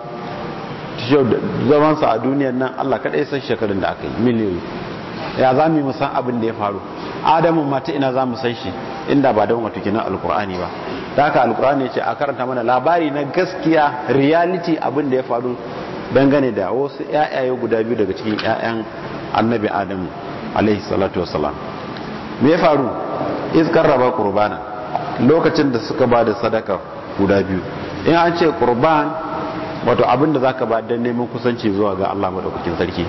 zamansa a duniyar nan Allah kaɗai san shekarun da aka yi miliyoyi ya za mu san abin da ya faru adamun mata ina za mu san shi inda ba don wato kinan alkur'ani ba ta haka alkur'ani ce a karanta mana labari na gaskiya reality abin da ya faru dangane da wasu yayaye guda biyu daga cikin yayan annabi adamu alaihi salatu wasalam me ya faru iskar raba qurbana lokacin da suka ba da sadaka guda biyu in an ce kurban wato abinda za ka ba don neman kusanci zuwa ga Allah maɗaukakin sarki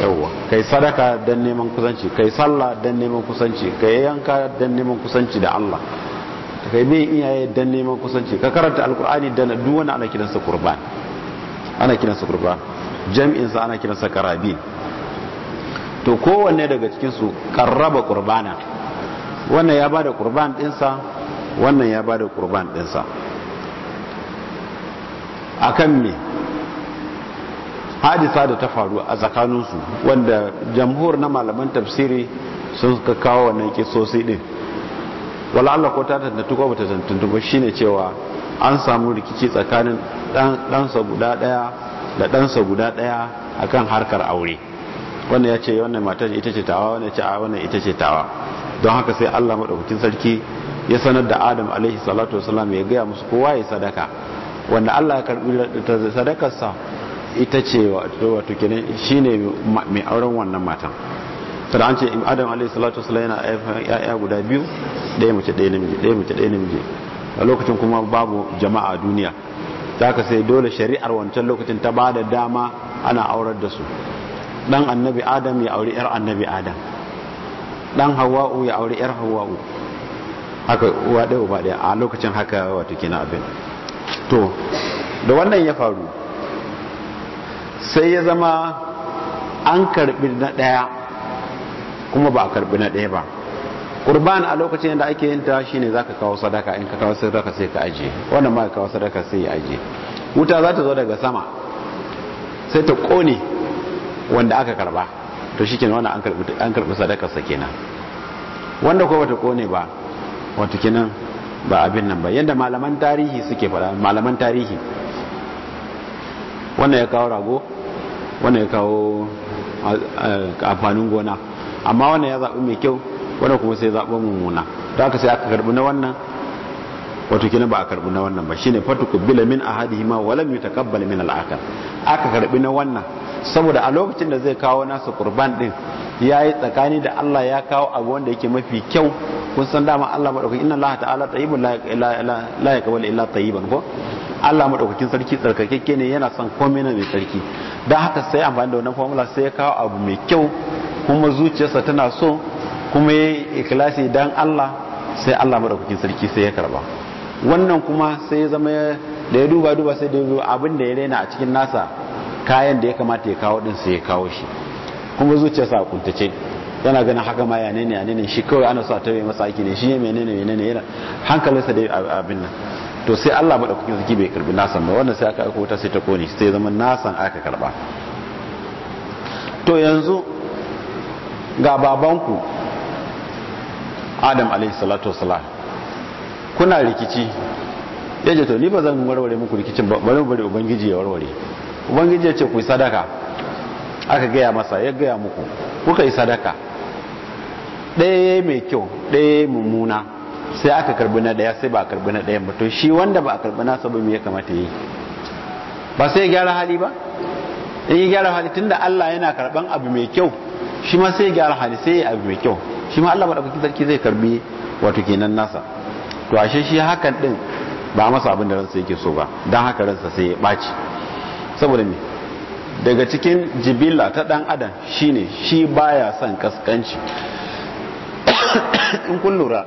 yauwa kai sadaka don neman kusanci kai sallah don neman kusanci kai yanka don neman kusanci da Allah kai mai iyaye don neman kusanci ka karanta alkur'ani don duk wani ana kiransa kurban ana kiransa kurban jam'insa sa ana kiransa karabi to kowanne daga cikinsu su kurbana wannan ya bada kurban dinsa wannan ya bada kurban ɗinsa a kan me hadisa da ta faru a tsakaninsu wanda jamhur na malaman tafsiri sun suka kawo wannan sosai ɗin wala'alla ko ta tattattu ko bata tattattu shi ne cewa an samu rikici tsakanin ɗansa guda ɗaya da ɗansa guda ɗaya akan harkar aure wannan ya ce wannan matar ita ce tawa ya ce a wannan ita ce tawa don haka sai Allah maɗaukacin sarki ya sanar da adam alaihi salatu wasalam ya gaya musu kowa ya sadaka wanda Allah ya karbi sadakarsa ita ce wato kenan ne mai auren wannan matan sada an ce adam alaihi salatu wasalam yana yaya guda biyu ɗaya mace ɗaya namiji ɗaya mace ɗaya namiji a lokacin kuma babu jama'a a duniya zaka sai dole shari'ar wancan lokacin ta bada dama ana aurar da su dan annabi adam ya auri yar annabi adam dan hawa'u ya auri yar hawa'u haka uwa ɗaya uba ɗaya a lokacin haka wato kenan abin to da wannan ya faru sai ya zama an karbi na ɗaya kuma ba a karbi na ɗaya ba kurban a lokacin da ake yin ta za ka kawo sadaka in ka kawo sadaka sai ka ajiye wannan ma ka kawo sadaka sai ya ajiye wuta za ta zo daga sama sai ta kone wanda aka karba to shikenan wannan an karbi an sa kenan wanda ko ta kone ba wata kinan ba abin nan ba yadda malaman tarihi suke fada malaman tarihi wannan ya kawo rago wannan ya kawo eh, amfanin gona amma wannan ya zaɓi mai kyau wannan kuma sai zaɓi mummuna da aka sai aka karɓi na wannan wato kina ba a karɓi na wannan ba shine fatu bila min ahadihima wa lam yutaqabbal min al'akar aka karɓi na wannan saboda a lokacin da zai kawo nasa kurban ɗin. ya yi tsakani da Allah ya kawo abu wanda yake mafi kyau kun san dama Allah madaukakin inna Allah ta'ala tayyibun la yaqbalu illa tayyiban ko Allah madaukakin sarki tsarkakekke ne yana son komai na mai sarki dan haka sai amfani da wannan formula sai ya kawo abu mai kyau kuma zuciyarsa tana so kuma ya ikhlasi dan Allah sai Allah madaukakin sarki sai ya karba wannan kuma sai ya zama da ya duba duba sai da ya abin da ya rena a cikin nasa kayan da ya kamata ya kawo din sai ya kawo shi kuma zuciyarsa a kuntace yana ganin haka ma ya nene ya nene shi kawai ana so a yi masa aiki ne shi ne menene menene yana hankalinsa da abin nan to sai Allah kuke sarki bai karbi nasan ba wannan sai aka aika wuta sai ta kone sai zama nasan aka karba to yanzu ga babanku Adam alaihi salatu wasalam kuna rikici yaje to ni ba zan warware muku rikicin ba bari bari ubangiji ya warware ubangiji ya ce ku sadaka aka gaya masa ya gaya muku kuka yi sadaka ɗaya mai kyau ɗaya mummuna sai aka karbi na ɗaya sai ba a karbi na ɗayan ba to shi wanda ba a karbi nasa ba me ya kamata yi ba sai ya gyara hali ba in yi gyara hali tunda Allah yana karban abu mai kyau shi ma sai ya gyara hali sai ya abu mai kyau shi ma Allah madaukakin sarki zai karbi wato kenan nasa to ashe shi hakan ɗin ba masa abin da ransa yake so ba don haka ransa sai ya ɓaci saboda me daga cikin jibila ta dan adam shine shi baya son kaskanci *coughs* in kun lura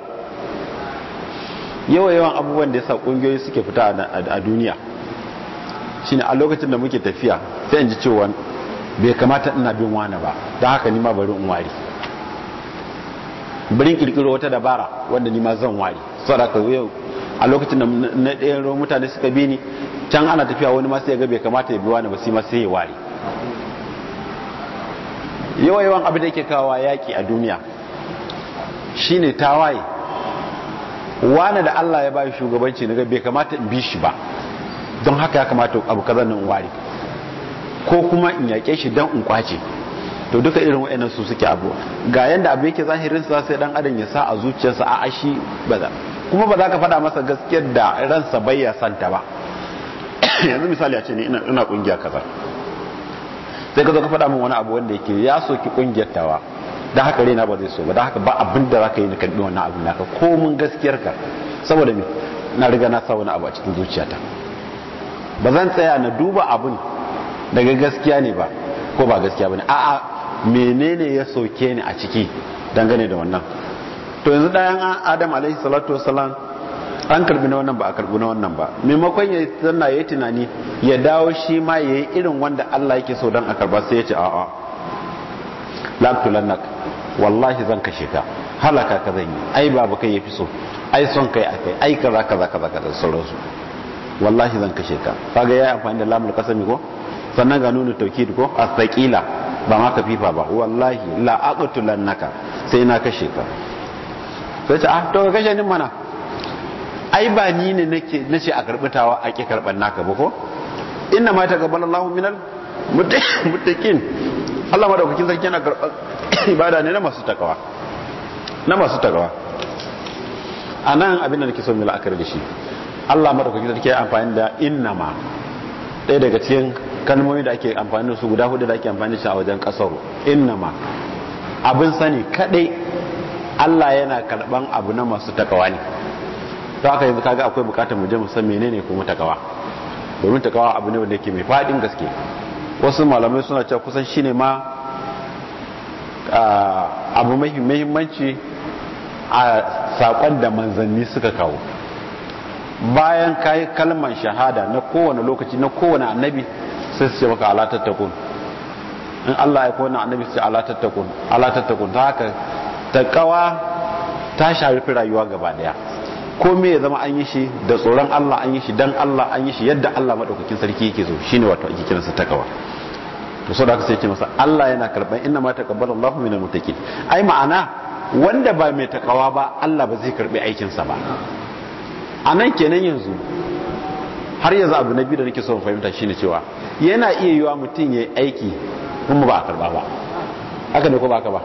yawa yawan abubuwan da yasa kungiyoyi suke fita a duniya shine a lokacin da muke tafiya sai in ji cewa bai kamata ina bin wani ba don haka nima bari in wari bari kirkiro wata dabara wanda nima zan wari saboda yau a lokacin da na ɗayan mutane suka bi ni can ana tafiya wani masu ya ga bai kamata ya bi wani ba sai masu sai ya Yawai yawan abin da yake kawo yaki a duniya shine tawaye wani da Allah ya bayi shugabanci na bai kamata in bi shi ba don haka ya kamata abu kaza nan wari ko kuma in yake shi don in kwace to duka irin wa'annan su suke abu ga yanda abu yake zahirin sa sai dan adam ya sa a zuciyarsa a ashi baza kuma ba za ka faɗa masa gaskiyar da ransa bai ya santa ba *coughs* yanzu misali a ce ne ina kungiya kaza sai ka zo ka faɗa min wani abu wanda yake ya soki kungiyar tawa da haka rena ba zai so ba da haka ba abin da zaka yi na karbi wannan abin naka mun gaskiyar ka saboda me na riga na sa wani abu a cikin zuciyata ba zan tsaya na duba abin daga gaskiya ne ba ko ba gaskiya bane a'a menene ya soke ni a ciki dangane da wannan to yanzu ɗayan adam alaihi salatu wasalam an karbi na wannan ba a karbi na wannan ba maimakon ya zanna ya tunani ya dawo shi ma ya yi irin wanda Allah yake so don a karba sai ya ce a'a laqtulannak wallahi zan kashe ka halaka ka zan yi ai babu kai yafi so ai son kai kai ai kaza kaza kaza kaza sauransu wallahi zan kashe ka kaga yi amfani da lamul kasami ko sannan ga nuna tauki ko astaqila ba ma ka fifa ba wallahi la aqtulannaka sai na kashe ka sai ta ah, to kashe ni mana ai ba ni ne nake nace a karbi tawa a ki karban naka ba ko inna ma taqabbal Allahu minal muttaqin Allah madaukakin sarki yana karban *coughs* ibada ne na masu takawa na masu takawa anan abin da nake so mu la'akari da shi Allah madaukakin sarki ya amfani da inna ma dai daga cikin kalmomi da ake amfani da su guda hudu da ake amfani da shi a wajen kasaro inna ma abin sani kadai Allah yana karban abu na masu takawa ne ta aka yanzu kaga akwai bukatar mu je mu san menene kuma takawa domin takawa abu ne wanda yake mai fadin gaske wasu malamai suna cewa kusan shine ma abu mai muhimmanci a sakon da manzanni suka kawo bayan kayi kalmar shahada na kowane lokaci na kowane annabi sai su ce maka ala in Allah ya kowane annabi sai ala tattakun ta haka takawa ta shafi rayuwa gaba daya Ko me ya zama an yi shi da tsoron Allah an yi shi dan Allah an yi shi yadda Allah madaukakin sarki yake so shine wato ake sa takawa to saboda haka sai yake masa Allah yana karban inna ma taqabbala Allahu minal muttaqin ai ma'ana wanda ba mai takawa ba Allah ba zai karbi aikin sa ba anan kenan yanzu har yanzu abu na biyu da nake so fahimta shine cewa yana iya yiwa mutum yayi aiki kuma ba a karba ba haka ne ko ba haka ba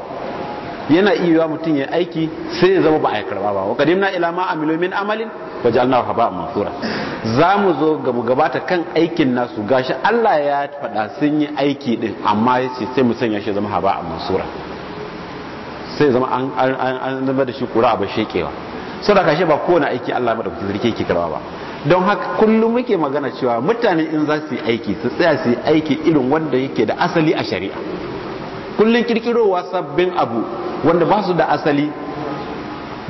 yana iya mutum ya aiki sai ya zama ba a karba ba wa na ila ma amilu min amalin wa ja'alnahu haba'an mansura a zo ga mu gabata kan aikin nasu gashi Allah ya faɗa sun yi aiki din amma yace sai mu sanya shi zama a mansura sai zama an an zama da shi kura a bashe kewa sadaka shi ba kowane aiki Allah madaukakin zirke ke karba ba don haka kullum muke magana cewa mutane in za su yi aiki su tsaya su yi aiki irin wanda yake da asali a shari'a kullun kirkirowa sabbin abu wanda ba su da asali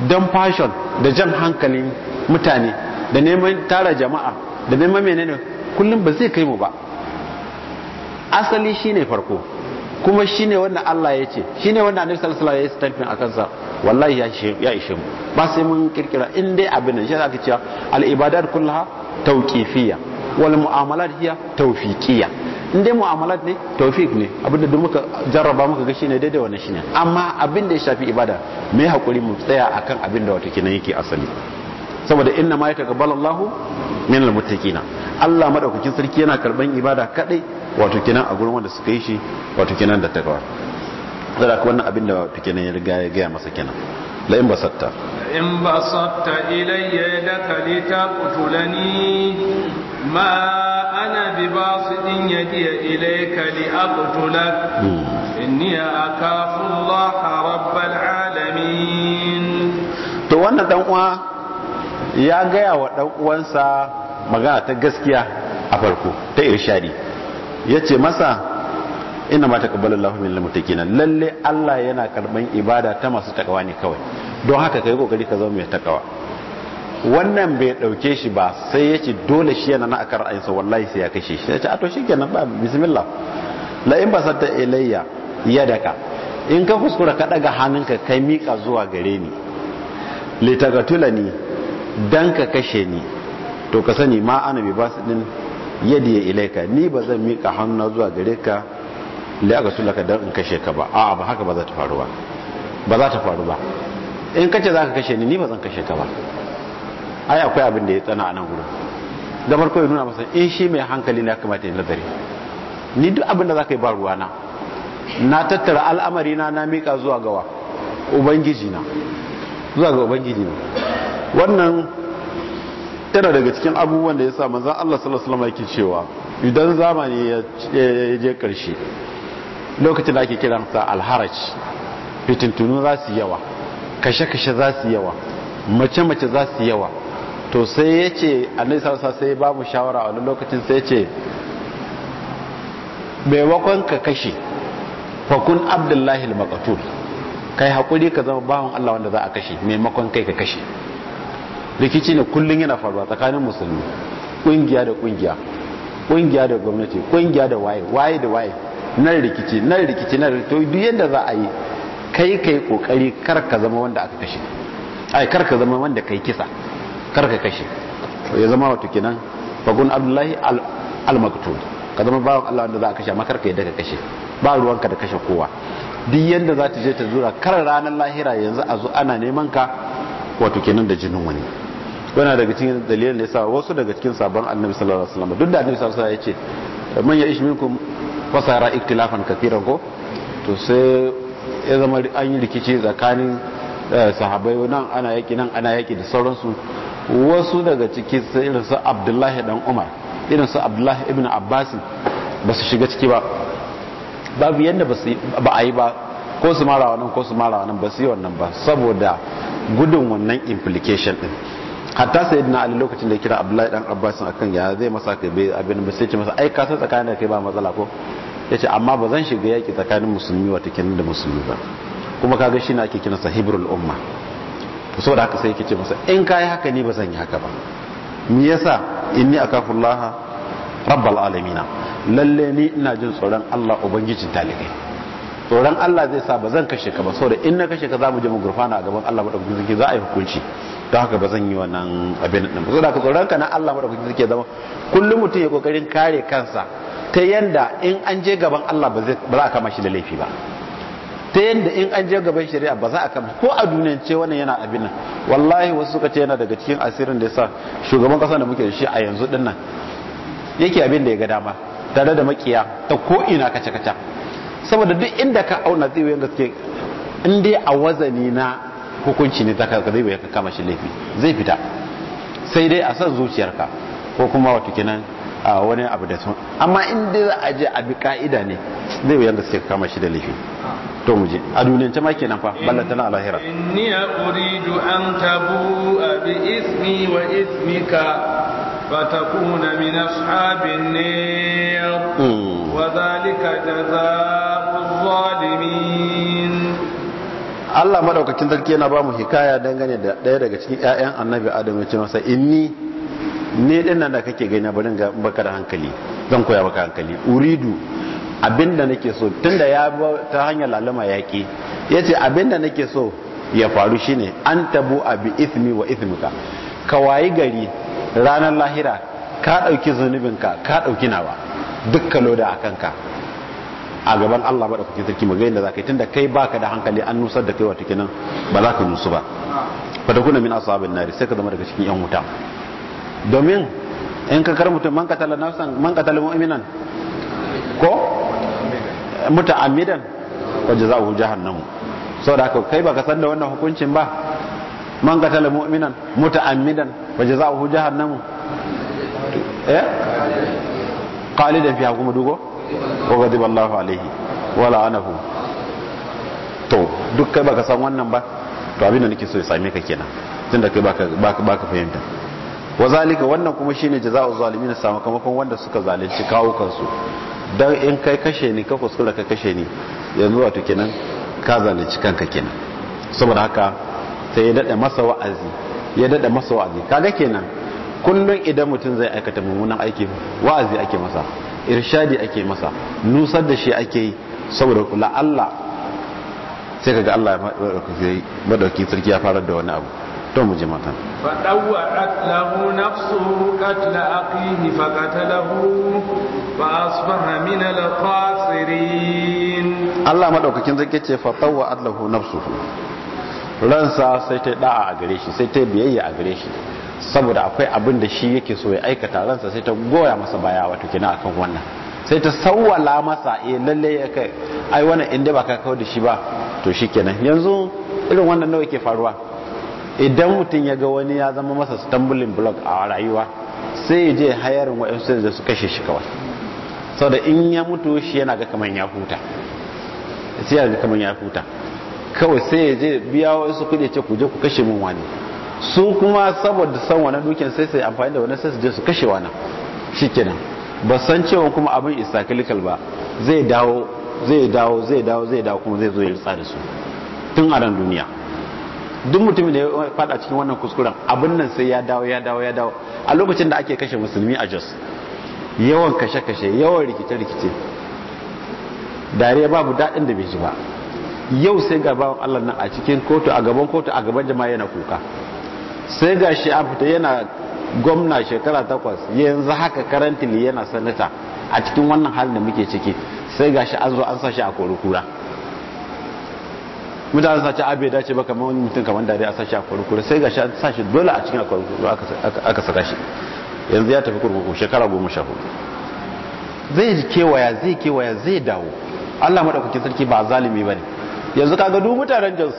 don fashion da jan hankalin mutane da neman tara jama'a da neman menene kullum ba zai kai mu ba asali shine farko kuma shine wanda Allah ya ce shine wanda Annabi sallallahu alaihi wasallam ya stampin akan wallahi ya ishe ya ishe mu ba sai mun kirkira in dai abin nan shi zaka cewa al ibadat kullaha tawqifiyya wal mu'amalat hiya tawfiqiyya in dai mu'amalat ne tawfik ne abinda duk muka jarraba muka ga shine daidai wannan shine amma abin da ya shafi ibada me hakuri mu tsaya akan abin da wata kenan yake asali saboda inna ma yataqabbalu Allahu min almuttaqina Allah madaukakin sarki yana karban ibada kadai wato kenan a gurin wanda suka yi shi wato kenan da takawa zara wannan abin da wato kenan ya riga ya gaya masa kenan in basatta in basatta ilayya يدك لتقتلني ma ana bi basidin yadiya ilayka li aqtulak inni akafu Allah rabbal alamin to wannan dan uwa ya gaya wa dan uwansa magana ta gaskiya a farko ta irshadi yace masa inna ma taqabbalu Allahu minal muttaqin lalle Allah yana karban ibada ta masu taƙawa ne kawai don haka kai kokari ka zama mai takawa wannan bai dauke shi ba sai ya ce dole shi yana na akar aisa wallahi sai ya kashe shi ya ce ato shi kenan ba bismillah la in ba satta ilayya yadaka in ka kuskura ka daga hannunka kai mika zuwa gare ni litagatula ni dan ka kashe ni to ka sani ma ana bi basu din yadi ya ilaika ni ba zan mika hannuna zuwa gare ka liagatula ka dan in kashe ka ba a'a ba haka ba za ta faru ba ba za ta faru ba in kace za ka kashe ni ni ba zan kashe ka ba ai akwai abin da ya tsana a nan gurin da farko ya nuna masa in eh, shi mai hankali na kamata ya nazari ni duk abin da za ka yi ba ruwana na tattara al'amari na na miƙa zuwa gawa ubangiji na zuwa ga ubangiji na wannan tana daga cikin abubuwan da ya sa manzan Allah sallallahu yake cewa idan zamani ya je karshe lokacin da ake kiran sa alharaj fitintunu za su yawa kashe-kashe za su yawa mace-mace za su yawa to sai ya ce annabi sarsa sai ba mu shawara a wani lokacin sai ya ce maimakon ka kashe fakun abdullahi al-maqatul kai hakuri ka zama bawon Allah wanda za a kashe maimakon kai ka kashe rikici ne kullum yana faruwa tsakanin musulmi ƙungiya da ƙungiya, ƙungiya da gwamnati ƙungiya da waye waye da waye na rikici na rikici na to duk yadda za a yi kai kai kokari kar ka zama wanda aka kashe ai kar ka zama wanda kai kisa karka kashe ya zama wato kenan fagun abdullahi al-maktul ka zama bawan Allah wanda za a kashe amma karka yadda ka kashe ba ruwanka da kashe kowa duk yadda za ta je ta zura kar ranar lahira yanzu a zo ana neman ka wato kenan da jinin wani yana daga cikin dalilin da yasa wasu daga cikin sabon annabi sallallahu alaihi wasallam duk da annabi sallallahu alaihi wasallam ya ce man ya'ish minkum fasara ikhtilafan kathiran ko to sai ya zama an yi rikici tsakanin eh, sahabai nan ana yaki nan ana yaki da sauransu wasu daga ciki irin su abdullahi dan umar irin su abdullahi ibn abbas ba su shiga ciki ba babu yadda ba a yi ba ko su mara wannan ko su mara wannan ba su yi wannan ba saboda gudun wannan implication din hatta sai idina a lokacin da ya kira abdullahi dan abbas akan ya zai masa ka bai abin ba sai ce masa ai ka tsakanin da kai ba matsala ko yace amma ba zan shiga yaki tsakanin musulmi wata kenan da musulmi ba kuma kaga shi ne ake kiransa hibrul umma saboda haka sai yake ce masa in kai haka ni ba zan yi haka ba me yasa inni akafullah rabbal alamin lalle ni ina jin tsoron Allah ubangijin talibai tsoron Allah zai sa ba zan kashe ka ba saboda in na kashe ka mu je mu gurfana a gaban Allah madaukakin sarki za a yi hukunci don haka ba zan yi wannan abin din ba saboda haka tsoron ka na Allah madaukakin sarki zama kullum mutum ya kokarin kare kansa ta yanda in an je gaban Allah ba za a kama shi da laifi ba ta yadda in an je gaban shari'a ba za a kama ko a ce wannan yana abin nan wallahi wasu suka ce yana daga cikin asirin da yasa shugaban kasa da muke da shi a yanzu din nan yake abin da ya ga dama tare da makiya ta ko ina kace kaca saboda duk inda ka auna zai yin gaske in dai a wazani na hukunci ne zaka zai bai ka kama shi laifi zai fita sai dai a san zuciyarka ko kuma wato kenan a wani abu da sun amma in dai za a je a bi ka'ida ne zai gaske ka kama shi da laifi to mu je a ta ma nan fa ballata na alahira inni uridu an tabu bi ismi wa ismika fatakuna min ashabin ne hmm. wa zalika jazaa'u zalimin Allah madaukakin sarki yana ba mu hikaya dangane da ɗaya daga cikin ƴaƴan annabi Adam ya ce masa inni ne din nan da kake gani barin ga baka da hankali zan koya baka hankali uridu abinda nake so tunda ya ta hanyar lalama yaki ya ce abinda nake so ya faru shine an tabu abi ismi wa ismika ka wayi gari ranar lahira ka ɗauki zunubinka ka dauki nawa dukkan loda a kanka a gaban Allah kuke sarki magayin da za ka yi tunda kai baka da hankali an nusar da kai wata kinan ba za ka nusu ba fata kuna min asabin nari sai ka zama daga cikin yan wuta domin in ka kar mutum man qatala nafsan man mu'minan ko muta'ammidan wa jazaohu jahannamu saboda ka kai baka san da wannan hukuncin ba man qatala mu'minan muta'ammidan wa jazaohu jahannamu eh qalidan fiha kuma dugo wa ghadiba Allahu alaihi wa la'anahu to duk kai baka san wannan ba to abin da nake so ya same ka kenan tunda kai baka baka fahimta fahimta wazalika wannan kuma shine jazaa'u zalimin sakamakon wanda suka zalunci kawo kansu don in kai kashe ni ka kuskura ka kashe ni yanzu wato kenan ka zalunci kanka kenan saboda haka sai ya dada masa wa'azi ya dada masa wa'azi kaga kenan kullum idan mutum zai aikata mummunan aiki wa'azi ake masa irshadi ake masa nusar da shi ake yi saboda kula Allah sai kaga Allah ya madauki sarki ya farar da wani abu to mu ji mata fadawwa'at lahu nafsu qatla aqihi qatalahu fa asbaha min al-khasirin Allah madaukakin zai ce fadawwa'at lahu nafsu. ransa sai ta da'a a gare shi sai ta biyayya a gare shi saboda akwai abin da shi yake so ya aikata ransa sai ta goya masa baya wato kina akan wannan sai ta sawwala masa eh lalle ya kai ai wannan inda ba ka kawo da shi ba to shikenan yanzu irin wannan nawa ke faruwa idan mutum ya ga wani ya zama masa stumbling block a rayuwa sai ya je hayarin waɗansu da su kashe shi kawai sau da in ya mutu shi yana ga kamar ya huta sai ya ga kamar ya huta kawai sai ya je biya wasu kuɗe ce ku je ku kashe min wani su kuma saboda san wani dukin sai sai amfani da wani sai su je su kashe wani shikenan ba san cewa kuma abin isakalical ba zai dawo zai dawo zai dawo zai dawo kuma zai zo ya ritsa da su tun a ran duniya duk mutumin da ya fada cikin wannan kuskuren abin nan sai ya dawo ya dawo ya dawo a lokacin da ake kashe musulmi a jos yawan kashe-kashe yawan rikice-rikice dariya babu daɗin da bai ji ba yau sai ga bawan allah nan a cikin kotu a gaban kotu a gaban jama'a yana kuka sai ga shi a fita yana gwamna shekara takwas yanzu haka karantili yana sanata a cikin wannan halin da muke ciki sai ga shi an zo an sa shi a kura. mutane ce abu ah, ya dace ba kamar wani mutum kamar dare a sashi a kurkuru sai ga sashi dole a cikin kurkuru aka saka shi yanzu ya tafi kurkuku shekara goma sha hudu zai kewaya zai kewaya zai dawo allah maɗaukakin sarki ba zalimi ba ne yanzu kaga duk mutanen jos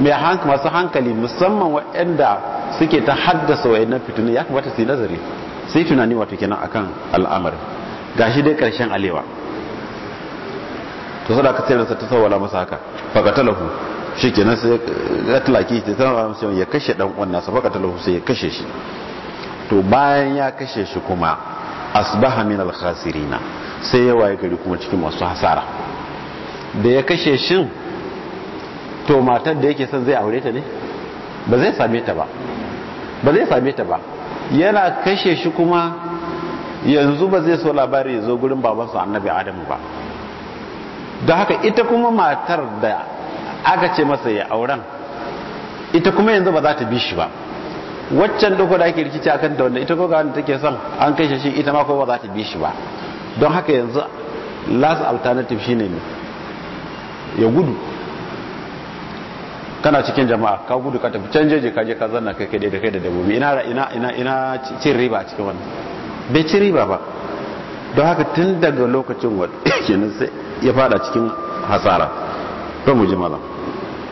mai hankali masu hankali musamman waɗanda suke ta haddasa wayannan fitina ya kamata su yi nazari sai tunani wato kenan akan al'amarin gashi dai karshen alewa to sai ka sai ransa ta sawala masa haka faqatalahu shikenan sai ya shi ta tana masa ya kashe dan uwan nasa fakatalahu sai ya kashe shi to bayan ya kashe shi kuma asbaha min al-khasirina sai ya waye gari kuma cikin masu hasara da ya kashe shin to matar da yake son zai aure ta ne ba zai same ta ba ba zai same ta ba yana kashe shi kuma yanzu ba zai so labari ya zo gurin babansa annabi adamu ba don haka ita kuma matar da aka ce masa ya auren ita kuma yanzu ba za ta bi shi ba waccan duk da ake rikici akan da wanda ita kuma ga wanda take son an kai shi ita ma ko ba za ta bi shi ba don haka yanzu last alternative shine ne ya gudu kana cikin jama'a ka gudu ka tafi can jeje kaje ka zanna kai kai da kai da dabobi ina ina ina ina cin riba a cikin wannan bai cin riba ba don haka tun daga lokacin wa *coughs* kenan sai ya fada cikin hasara to mu ji malam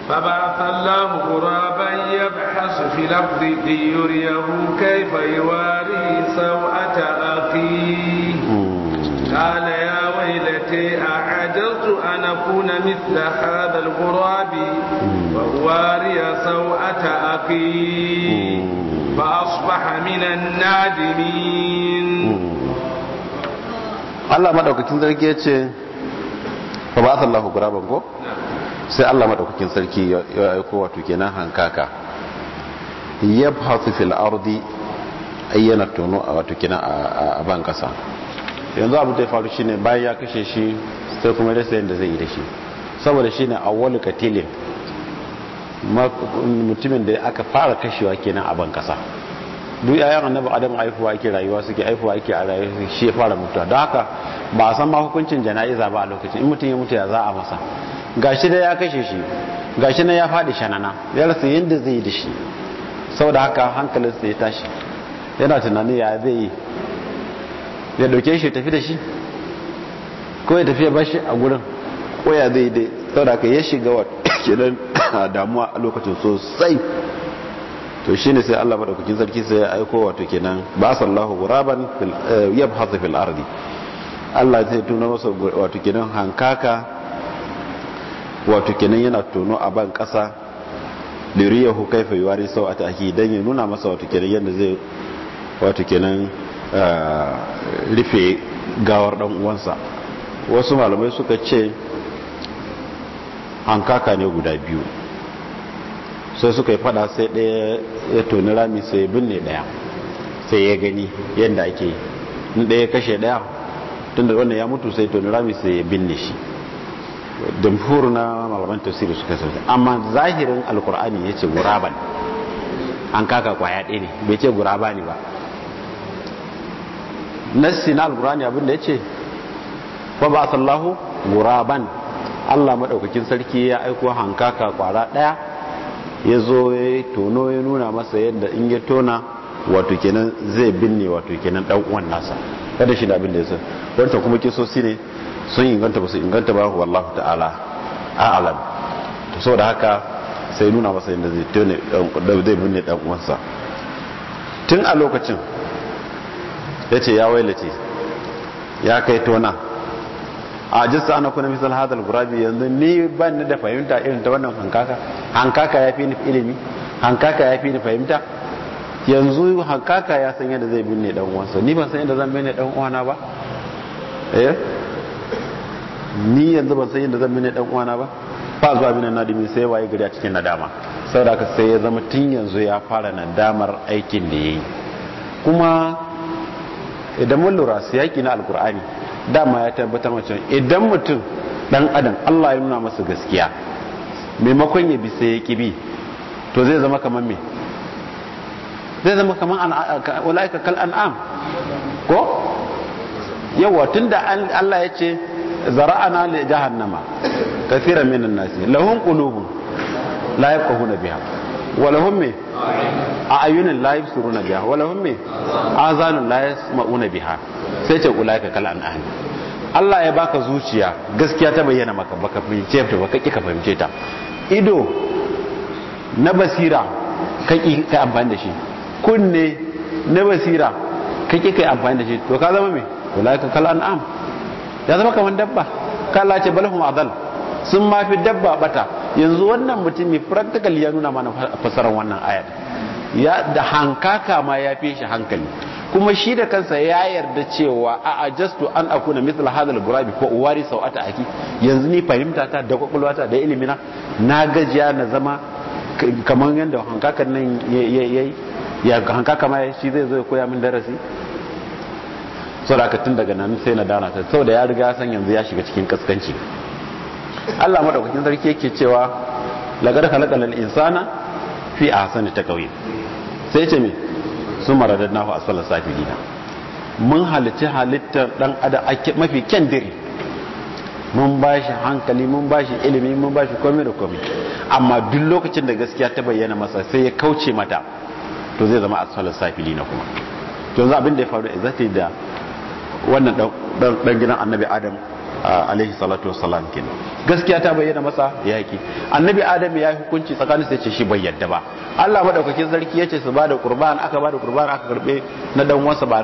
فبعث الله غرابا يبحث في الأرض ليريه كيف يواري سوءة أخيه قال يا ويلتي أن أكون مثل هذا الغراب وأواري سوءة فأصبح من النادمين Allah madaukakin ce fa ba Allahu guraban ko sai Allah madaukakin sarki ya aiko wato kenan hankaka yabhasu fil ardi ayyana tono a wato kenan a ban kasa yanzu abu da ya faru shine bayan ya kashe shi sai kuma rasa yadda zai yi da shi saboda shine awwalu katilin mutumin da aka fara kashewa kenan a ban kasa duk yayan ba adam haifuwa ake rayuwa suke haifuwa ake a rayuwa shi ya fara mutuwa don haka ba a san ma hukuncin jana'iza ba a lokacin in mutum ya mutu ya za a masa gashi da ya kashe shi gashi na ya faɗi shanana ya rasa yadda zai yi da shi saboda haka hankalinsa ya tashi yana tunanin ya zai yi ya dauke shi tafi da shi ko ya tafi ya bashi a gurin ko ya zai dai saboda haka ya shiga wa *coughs* kenan *coughs* damuwa a lokacin sosai to shine sai Allah madaukakin sarki sai ya aiko wato kenan ba sallahu ghuraban eh, yabhathu fil ardi Allah zai tuna masa wato kenan hankaka wato kenan yana tono a ban kasa liriyahu kaifa yuwari a ahi dan ya nuna masa wato kenan yanda zai wato kenan eh, rufe gawar dan uwansa wasu malamai suka ce hankaka ne guda biyu sai suka yi fada sai daya ya toni rami sai ya binne ɗaya sai ya gani yadda ake yi in daya kashe ɗaya tun da wannan ya mutu sai toni rami sai ya binne shi damfur na malaman tafsiri suka sauke amma zahirin alkur'ani ya ce guraban an kaka kwaya ɗaya ne bai ce guraba ne ba nassi na alkur'ani abinda ya ce fa ba sallahu guraban allah maɗaukakin sarki ya aiko hankaka kwara ɗaya ya zo ya tono ya nuna masa yadda in ya tona wato kenan zai binne wato kenan dan uwan nasa kada shi da abin da ya san wanda kuma kisosi ne sun inganta ba su inganta ba wallahu ta'ala a'lam to so da haka sai nuna masa yadda zai tone zai binne dan uwansa tun a lokacin yace ya wailace ya kai tona a jista ana kuna misal hadal gurabi yanzu ni ban ni da fahimta irin ta wannan hankaka hankaka ya fi ni ilimi hankaka ya fi ni fahimta yanzu hankaka ya san yadda zai binne dan uwansa ni ban san yadda zan binne dan uwana ba eh ni yanzu ban san yadda zan binne dan uwana ba ba zuwa bin nadimi sai waye gari a cikin nadama saboda ka sai ya zama tun yanzu ya fara nadamar aikin da yayi kuma idan mun lura siyaki na alkur'ani dama ya tabbatar mace idan mutum dan adam Allah ya nuna masa gaskiya maimakon ya bi sai ya kibi to zai zama kamar me zai zama kamar wala'ika kal an'am ko yawa da Allah ya ce zara'ana li jahannama kafiran minan nasi lahum qulubun la yafqahuna biha wa lahum me a ayunin la yabsuruna biha wa lahum me azanun la yasma'una biha sai ce ka kal an'am Allah ya baka zuciya gaskiya ta bayyana maka baka fahimce ta baka kika fahimce ta ido na basira ka ki kai amfani da shi kunne na basira ka ki kai amfani da shi to ka zama me ka kal an'am ya zama kamar dabba kala ce balhum adal sun ma fi dabba bata yanzu wannan mutumi practical ya nuna mana fasarar wannan ayat ya da hankaka ma ya fi shi hankali kuma shi da kansa ya yarda cewa a ajastu an akuna misal hadal gurabi ko uwari ata aki yanzu ni fahimta ta da kwakwalwata da ilimina na gajiya na zama kamar yadda hankakan nan yayi ya hankaka ma shi zai zo ya koya min darasi saboda tun daga nan sai na dana ta da ya riga san yanzu ya shiga cikin kaskanci Allah madaukakin sarki yake cewa lagar khalaqal insana fi ta kauye sai ce mai sun maradar nahu asfalar safilina mun halitta halittar dan adam mafi kyan diri mun ba shi hankali mun ba shi ilimi mun ba shi komai da komai amma duk lokacin da gaskiya ta bayyana masa sai ya kauce mata to zai zama asfalar safilina kuma to yanzu abin da ya faru da wannan dan gidan annabi adam alaihi salatu wassalam kenan gaskiya ta bayyana masa yaki annabi adam ya yi hukunci tsakanin sai ce shi bai yadda ba Allah madaukakin sarki yace su bada qurban aka bada qurban aka karbe na dan wansa ba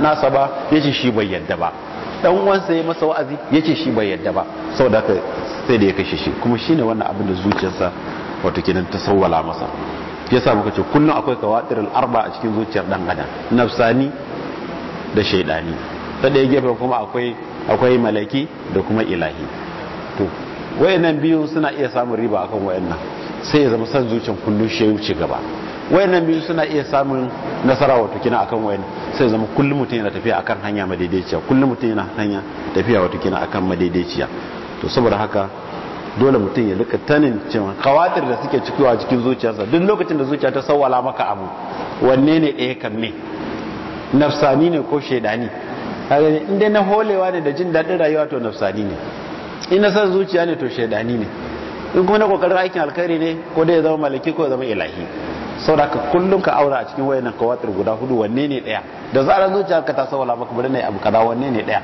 nasa ba yace shi bai yadda ba dan uwansa ya masa wa'azi yace shi bai yadda ba saboda haka sai da ya kashe shi kuma shine wannan abin da zuciyarsa wato kenan ta sawwala masa yasa muka ce kullum akwai kawatirul arba a cikin zuciyar dan adam nafsani da shaydani ta da gefe kuma akwai akwai malaki da kuma ilahi to wayannan biyu suna iya samun riba akan wayannan sai ya zama san zuciyar kullum shi ya wuce gaba wayannan biyu suna iya samun nasara wato kina akan wayannan sai ya zama kullum mutum yana tafiya akan hanya madaidaiciya kullum mutum yana hanya tafiya wato kina akan madaidaiciya to saboda haka dole mutum ya rika tanin cewa kawatir da suke cikiwa cikin zuciyarsa duk lokacin da zuciya ta sawwala maka abu wanne ne ɗaya kan me nafsani ne ko shaidani kaga in dai na holewa ne da jin daɗin rayuwa to nafsani ne ina san zuciya ne to shaidani ne in kuma na kokarin aikin alkhairi ne ko dai ya zama malaki ko ya zama ilahi saboda kullum ka aura a cikin wayannan kawatar guda hudu wanne ne daya da zarar zuciya ka ta wala maka bari ne abu kaza wanne ne daya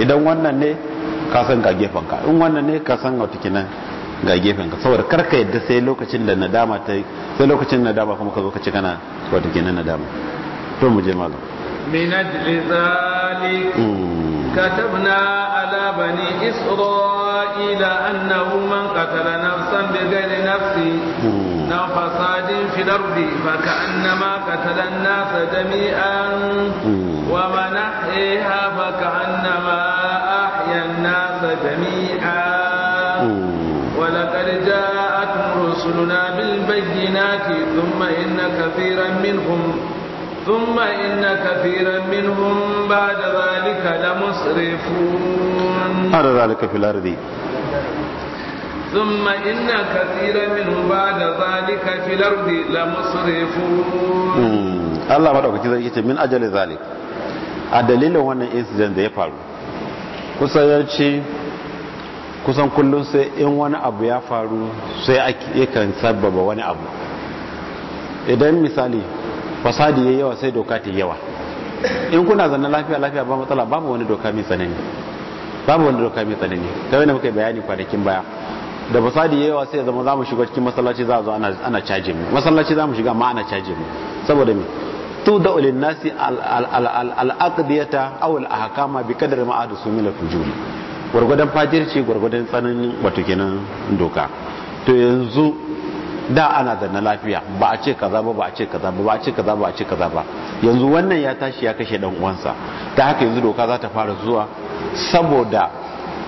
idan wannan ne ka san ga gefen ka in wannan ne ka san wata kinan ga gefen ka saboda karka yadda sai lokacin da nadama ta sai lokacin nadama kuma ka zo ka ci kana wato kenan nadama to mu je malam من أجل ذلك كتبنا على بني إسرائيل أنه من قتل نفسا بغير نفس أو فساد في الأرض فكأنما قتل الناس جميعا ومن أحياها فكأنما أحيا الناس جميعا ولقد جاءت رسلنا بالبينات ثم إن كثيرا منهم ثم إن كثيرا منهم بعد ذلك لمسرفون بعد ذلك في الأرض ثم إن كثيرا منهم بعد ذلك في الأرض لمسرفون الله maɗaukaki zai من أجل ذلك zalik a dalilin wannan incident da ya faru kusan yarci kusan kullum sai in wani abu ya faru sai yakan sababa wani abu idan misali fasadi ya yawa sai doka ta yawa in kuna zanen lafiya lafiya ba matsala babu wani doka mai tsanani babu wani doka mai tsanani ta wani muka bayani kwanakin baya da fasadi ya yawa sai zama za mu shiga cikin masallaci za a zo ana caje mu masallaci za mu shiga ma ana caje mu saboda me da ulin nasi al aqdiyata aw al ahkama bi qadri ma adu sumila fujuri gwargwadon fajirci gwargwadon tsananin wato kenan doka to yanzu da ana da na lafiya ba a ce kaza ba ba a ce kaza ba ba a ce kaza ba a ce kaza ba yanzu wannan ya tashi ya kashe dan uwansa ta haka yanzu doka za ta fara zuwa saboda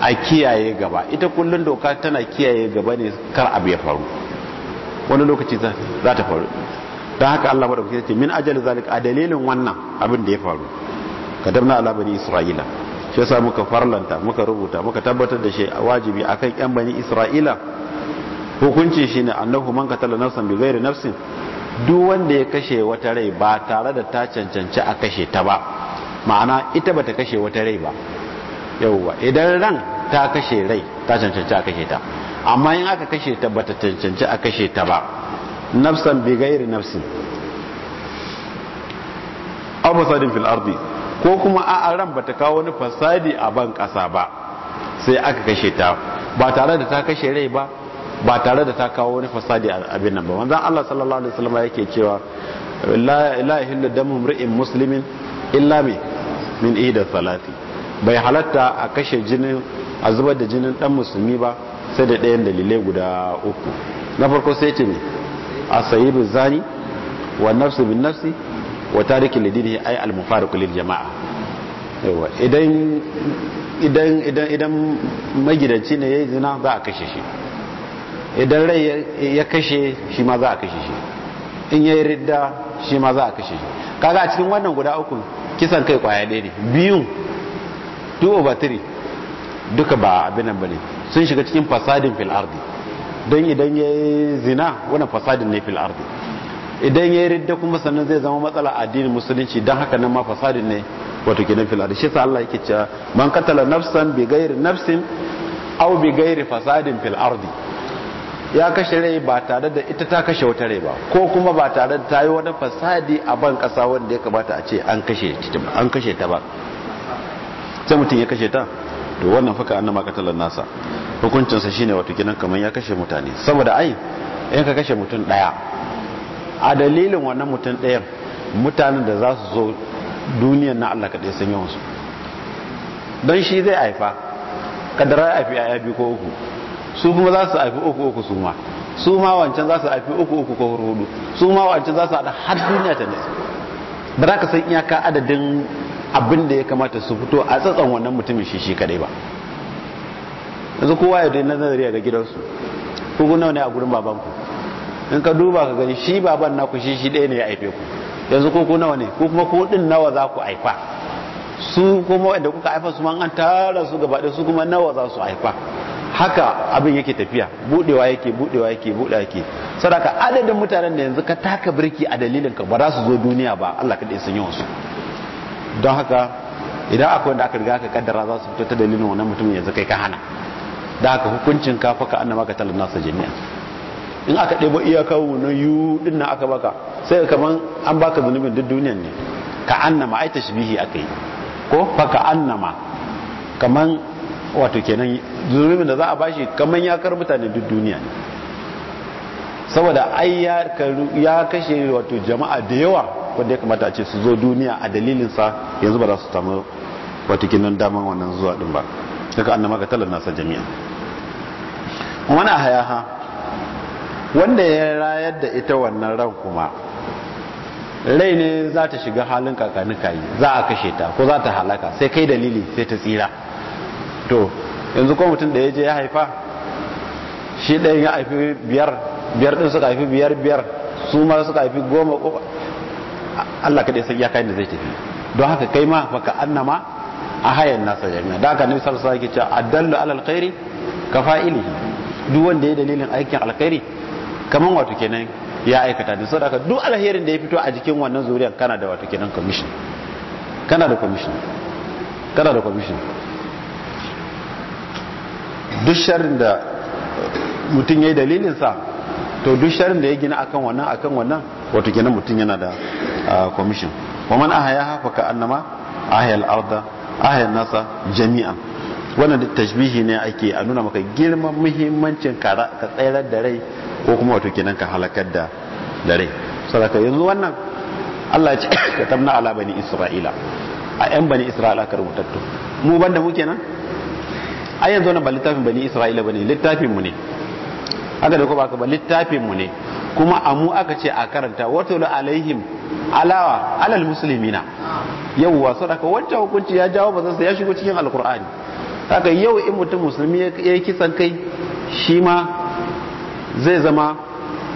a kiyaye gaba ita kullun doka tana kiyaye gaba ne kar abu ya faru wani lokaci za ta faru ta haka Allah madaukaki ce min ajali zalika a dalilin wannan abin da ya faru katabna ala bani isra'ila shi yasa muka farlanta muka rubuta muka tabbatar da shi wajibi akan yan bani isra'ila hukunci shine annahu man qatala nafsan ghairi nafsin duk wanda ya kashe wata rai ba tare da ta cancanci a kashe ta ba ma'ana ita bata kashe wata rai ba yauwa idan ran ta kashe rai ta cancanci a kashe ta amma in aka kashe ta bata cancanci a kashe ta ba nafsan ghairi nafsin abu sadin fil ardi ko kuma a ran bata kawo wani fasadi a ban kasa ba sai aka kashe ta ba tare da ta kashe rai ba ba tare da ta kawo wani fasadi a abin nan ba wanzan Allah sallallahu alaihi wasallam yake cewa la yahillu damu mri'in muslimin illa bi min ihda salati bai halatta a kashe jinin a zubar da jinin dan musulmi ba sai da dayan dalilai guda uku na farko sai ce ne a sayi bin zani wa nafsi bin nafsi wa tarikin lidini ai al lil jama'a idan idan idan magidanci ne yayi zina za a kashe shi idan rai ya kashe shi ma za a kashe shi in yayi ridda shi ma za a kashe shi kaga a cikin wannan guda uku kisan kai kwaya ɗaya ne biyun two over three duka ba abin nan bane sun shiga cikin fasadin fil ardi don idan ya zina wannan fasadin ne fil ardi idan ya ridda kuma sannan zai zama matsala addinin musulunci don haka nan ma fasadin ne wato gidan fil ardi shi sa Allah yake cewa man qatala nafsan bi ghairi nafsin aw bi ghairi fasadin fil ardi ya kashe rai ba tare da ita ta kashe wata rai ba ko kuma ba tare da ta yi wani fasadi a ban kasa wanda ya kamata a ce an kashe ta ba sai mutum ya kashe ta to wannan faka annama katalar nasa hukuncinsa shine wato gidan kamar ya kashe mutane saboda ai in ka kashe mutum daya a dalilin wannan mutum daya mutanen da za su zo duniyan na Allah kaɗai sun yawansu don shi zai haifa kadara ya haifi ya biyu ko uku su kuma za su haifi uku uku su ma su ma wancan za su haifi uku uku ko hudu su ma wancan za su haɗa har duniya ta ne ba za ka san iyaka adadin abin da ya kamata su fito a tsatsan wannan mutumin shi shi kadai ba yanzu kowa ya dina nazari ga gidansu kuku nawa ne a gurin babanku in ka duba ka gani shi baban ku shi shi ɗaya ne ya haife ku yanzu kuku nawa ne ko kuma ku din nawa za ku haifa su kuma wanda kuka haifa su ma an tara su gaba su kuma nawa za su haifa haka abin yake tafiya budewa yake budewa yake budewa yake sadaka adadin mutanen da yanzu ka taka birki a dalilin ka ba za su zo duniya ba Allah kadai san yawan su don haka idan akwai wanda aka riga aka kaddara za su fito ta dalilin wannan mutumin yanzu kai ka hana da haka hukuncin ka faka annama ka talan nasa jami'a in aka ɗebo iyakar na yu din nan aka baka sai kaman an baka zunubin duk duniyan ne ka annama ai tashbihi akai ko faka annama kaman wato kenan zurumin da za a bashi kamar ya kar mutane duk duniya ne saboda ai ya kashe wato jama'a da yawa wanda ya kamata a ce su zo duniya a dalilinsa yanzu ba za su samu wato kenan daman wannan zuwa din ba daga annama ga talar nasa jami'a wani a hayaha wanda ya rayar da ita wannan ran kuma rai ne za ta shiga halin kakanika yi za a kashe ta ko za ta halaka sai kai dalili sai ta tsira to yanzu kuma mutum da ya je ya haifa shi ɗayan ya haifi biyar biyar ɗin suka haifi biyar biyar su ma suka haifi goma Allah kaɗai sai ya kayan da zai tafi don haka kai ma baka annama a hayan nasa jami'a da aka nabi sallallahu alaihi yake cewa addallu alal khairi ka fa'ilihi duk wanda ya dalilin aikin alkhairi kaman wato kenan ya aikata din saboda duk alherin da ya fito a jikin wannan zuriyar kana da wato kenan commission kana da commission kana da commission duk da uh, mutum ya yi dalilinsa to dushar da ya gina akan wannan akan wannan wato gina mutum yana da uh, commission wa man ya hafa ka annama ahayal arda ahayal nasa jami'an wannan da tashbihi ne ake a nuna maka girman muhimmancin kara ka tsayar da rai ko kuma wato kenan ka halakar da rai sadaka yanzu wannan Allah ya ce *coughs* ka tamna ala bani isra'ila a yan bani isra'ila ka rubutattu mu banda muke nan ai yanzu wannan ba littafin bani isra'ila bane littafin mu ne aka da ko baka ba littafin mu ne kuma amu aka ce a karanta wato la alaihim alawa alal muslimina yawwa sadaka wancan hukunci ya jawo bazansa ya shigo cikin alqur'ani haka yau in mutum musulmi ya yi kisan kai shi ma zai zama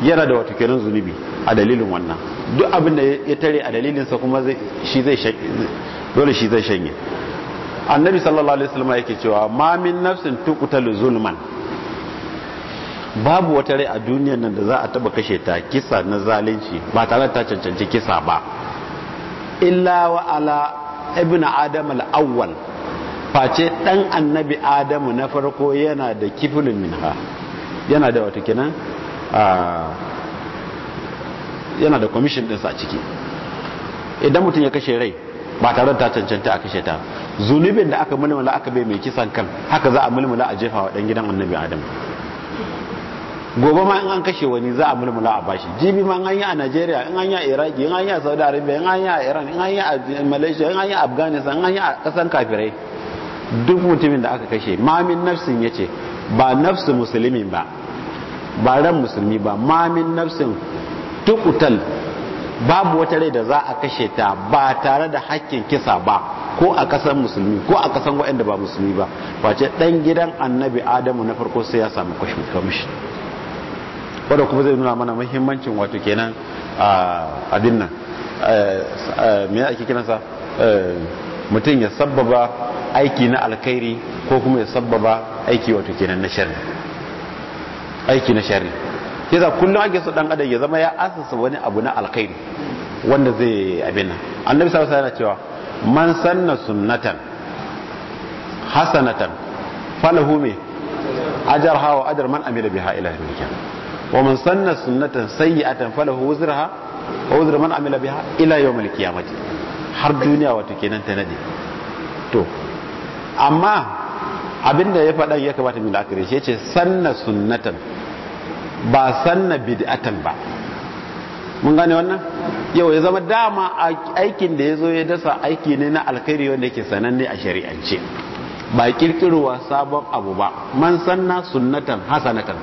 yana da wata kirin zunubi a dalilin wannan duk abin da ya tare a dalilinsa kuma shi zai dole shi zai shanye annabi sallallahu alaihi wasallam yake cewa ma min nafsin tuqtalu zulman babu wata rai a duniyar nan da za a taba kashe ta kisa na zalunci ba tare ta cancanci kisa ba illa wa ala ibnu adam al-awwal face dan annabi adam na farko yana da kifulun minha yana da wato kenan yana da commission din a ciki idan mutum ya kashe rai ba tare da ta cancanta a kashe ta zunubin da aka mulmula aka bai mai kisan kan haka za a mulmula a jefa wa ɗan gidan annabi adam gobe ma in an kashe wani za a mulmula a bashi jibi ma in an yi a Najeriya in an yi a iraq in an yi a Saudi Arabia in an yi a Iran in an yi a Malaysia in an yi a Afghanistan in an yi a kasan kafirai duk mutumin da aka kashe mamin nafsin ya ce ba nafsin musulmin ba ba ran musulmi ba mamin nafsin tukutal babu wata rai da za a kashe ta ba tare da hakkin kisa ba ko a kasan musulmi ko a kasan waɗanda ba musulmi ba face ɗan gidan annabi adamu na farko sai ya samu kamshi wadda kuma zai nuna mana muhimmancin wato kenan abin nan me ake kinasa mutum ya sabbaba aiki na alkhairi ko kuma ya sabbaba aiki wato kenan na shari za kullum ake so dan adam ya zama ya asasa wani abu na alkhairi wanda zai abin annabi sallallahu alaihi wasallam cewa man sanna sunnatan hasanatan falahu me Ajar hawa ajar man amila biha ila yawmil qiyamah wa man sanna sunnatan sayyi'atan falahu wuzraha wa wuzru man amila biha ila yawmil qiyamah har duniya wato kenan ta nade to amma abinda ya faɗa ya kamata mu da shi yace sanna sunnatan ba sanna bid'atan ba mun gane wannan yau ya zama dama aikin da ya zo ya dasa aiki ne na alkhairi wanda yake sananne a shari'ance ba kirkirowa sabon abu ba man sanna sunnatan hasanatan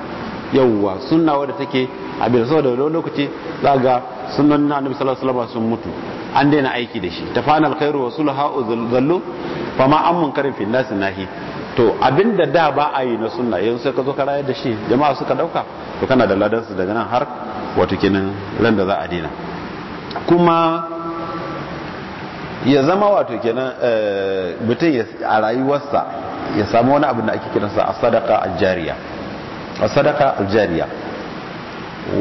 yawwa sunna wadda take a bisa saboda wani lokaci za ga sunan na annabi sallallahu alaihi wasallam sun mutu an daina aiki da shi tafana alkhairu wa sulha uzallu fama an munkarin fil nas nahi to abinda da ba a yi na suna yanzu sai ka zo ka raya da shi jama'a suka dauka to kana da ladansu daga nan har wata kinin ran da za a dina kuma ya zama wato kenan eh, mutum a rayuwarsa ya samu wani abin da ake kiransa a sadaka aljariya a sadaka aljariya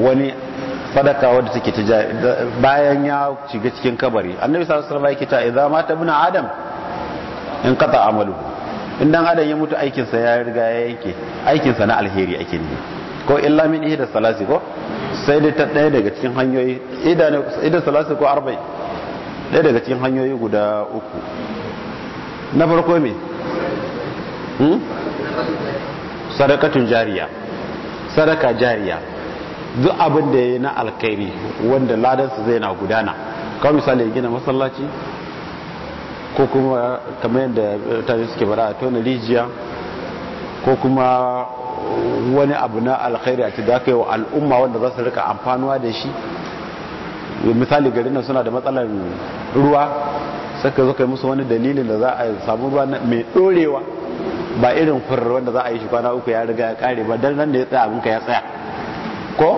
wani sadaka wadda take ta bayan ya shiga cikin kabari annabi sallallahu alaihi wasallam yake ta idza mata ibnu adam in qata amaluhu in dan adam ya mutu aikinsa ya riga ya yanke aikinsa na alheri ake ne ko illa min ihda salasi ko sai dai ta ɗaya daga cikin hanyoyi idan salasi ko arba'in ɗaya daga cikin hanyoyi guda uku na farko me hmm? sadakatun jariya sadaka jariya duk abin da ya yi na alkairi wanda ladansa zai na gudana kawai misali ya gina masallaci ko kuma eh, kamar yadda mutane suke bara a tona rijiya ko kuma wani abu na alkhairi a da aka wa al'umma wanda za su rika amfanuwa da shi misali garin na suna da matsalar ruwa saka zo kai musu wani dalilin da za a samu ruwa mai dorewa ba irin furar wanda za a yi shi kwana uku ya riga ya kare ba dan nan da ya tsaya abinka ya tsaya ko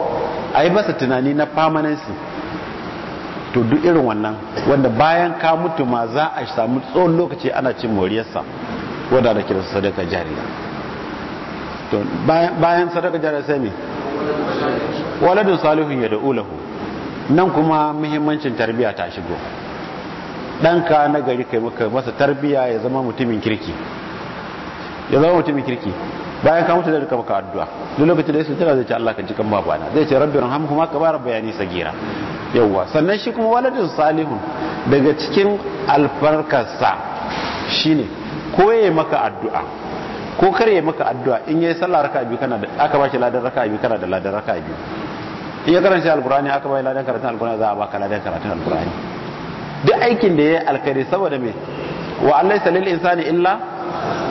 a yi masa tunani na permanency to duk irin wannan wanda bayan ka mutu ma za a samu tsohon lokaci ana cin moriyarsa wadda da kira sadaka jariya to bayan sadaka jariya sai ne. waladun salihun ya da ulahu nan kuma muhimmancin tarbiyya ta shigo ɗanka na gari kai masa tarbiyya ya zama mutumin kirki ya zama mutumin kirki bayan ka mutu zai rika maka addu'a duk lokacin da ya sujjada zai ce Allah ka ji kan babana zai ce rabbi kuma ka bara bayani sagira yawa sannan shi kuma waladun salihun daga cikin alfarkarsa shine ko yayi maka addu'a ko kar yayi maka addu'a in yayi sallah raka'a biyu kana da aka bashi ladan raka'a biyu kana da ladan raka'a biyu in ya karanta alqur'ani aka bai ladan karatun alqur'ani za a baka ladan karatun alqur'ani duk aikin da yayi alkhairi saboda me wa allaisa lil insani illa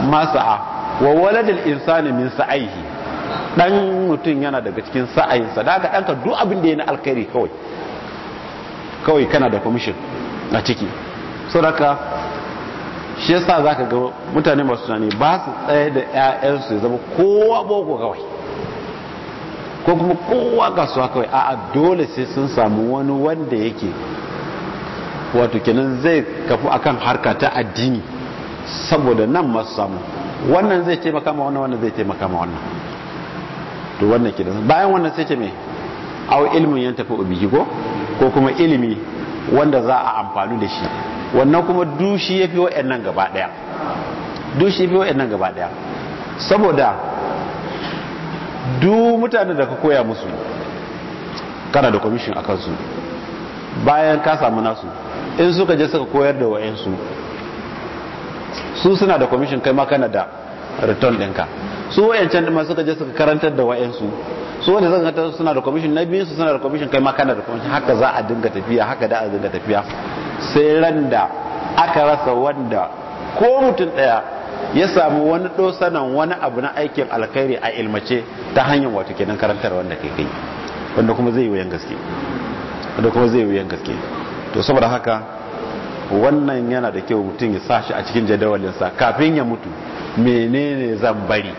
ma sa'a wa waladul insani min sa'ihi dan mutum yana daga cikin sa'ayinsa da ka danka duk abin da yana alkhairi kawai kawai kana da commission a ciki saboda shi yasa zaka ga mutane masu tunani ba su tsaye da ƴaƴansu ya zama kowa boko kawai ko kuma kowa kasuwa kawai a'a dole sai sun samu wani wanda yake wato kenan zai kafu akan harka ta addini saboda nan masu samu wannan zai taimaka ma wannan wannan zai ce makama wannan to wannan kidan bayan wannan sai ce me au ilmin yan tafi ubihi ko ko kuma ilimi wanda za a amfani da shi wannan kuma dushi yafi wayannan gaba daya dushi yafi wayannan gaba daya saboda du mutanen da ka koya musu kana da commission akan su bayan ka samu nasu in suka je suka koyar da wayansu su suna da commission kai ma kana da return ɗinka su wayancan da suka je suka karantar da wayansu su wanda zan gata suna da commission na biyu su suna da commission kai ma kana da commission haka za a dinga tafiya haka da a dinga tafiya sai ran da aka rasa wanda ko mutum daya ya samu wani dosanan wani abu na aikin alkhairi a ilmace ta hanyar wato kenan karantar wanda kai kai wanda kuma zai yi wuyan gaske wanda kuma zai yi wuyan gaske to saboda haka wannan yana da kyau mutum ya sashi a cikin jadawalinsa kafin ya mutu menene zan bari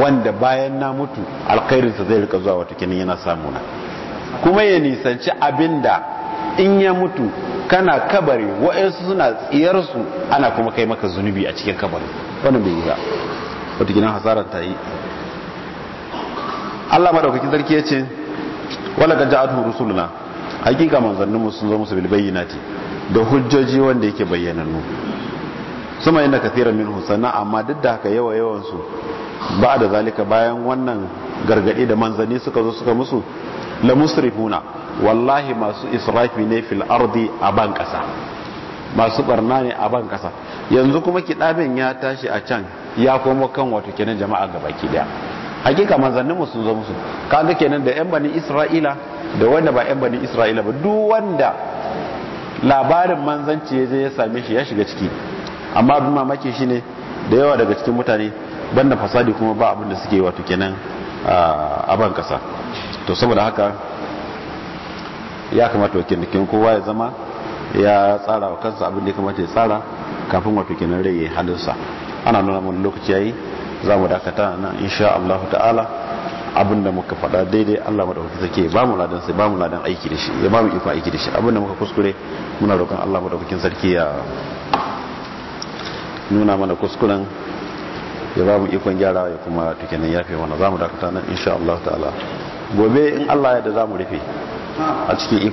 wanda bayan na mutu alkhairinsa zai rika zuwa watakilin yana samuna kuma ya nisanci abinda in ya mutu kana kabari wa'yansu suna tsiyarsu ana kuma kai maka zunubi a cikin kabari wannan bai yiwa ba watakilin hasarar ta yi Allah madaukakin sarki ya ce wala ga ja'atu rusuluna hakika manzannin sun zo musu bil bayyinati da hujjoji wanda yake bayyananu sama inda kathira min husana amma duk da haka yawa yawan su ba da zalika bayan wannan gargadi da manzani suka zo suka musu la musrifuna wallahi masu israfi ne fil ardi a ban kasa masu barna ne a ban kasa yanzu kuma kiɗab'in ya tashi a can ya komo kan wato kenan jama'a gaba ki daya hakika mu sun zo musu kaga kenan da yan bani isra'ila da wanda ba yan bani isra'ila ba duk wanda labarin manzanci ya zai ya same shi ya shiga ciki amma abin mamaki shine da yawa daga cikin mutane banda fasadi kuma ba abin da suke wato kenan a ban kasa to saboda haka ya kamata wakilin kowa ya zama ya tsara wa kansa abin da ya kamata ya tsara kafin wato kenan rage halinsa ana nuna mun lokaci yayi za mu dakata nan insha Allah ta'ala abinda da muka faɗa daidai Allah madaukaki sarki ba mu ladan sai ba mu ladan aiki da shi ba mu iko aiki da shi abinda da muka kuskure muna roƙon Allah madaukakin sarki ya nuna mana kuskuren ya ba mu iko gyara ya kuma tukenin yafe mana za mu dakata nan insha Allah ta'ala gobe in Allah ya da za mu rufe a cikin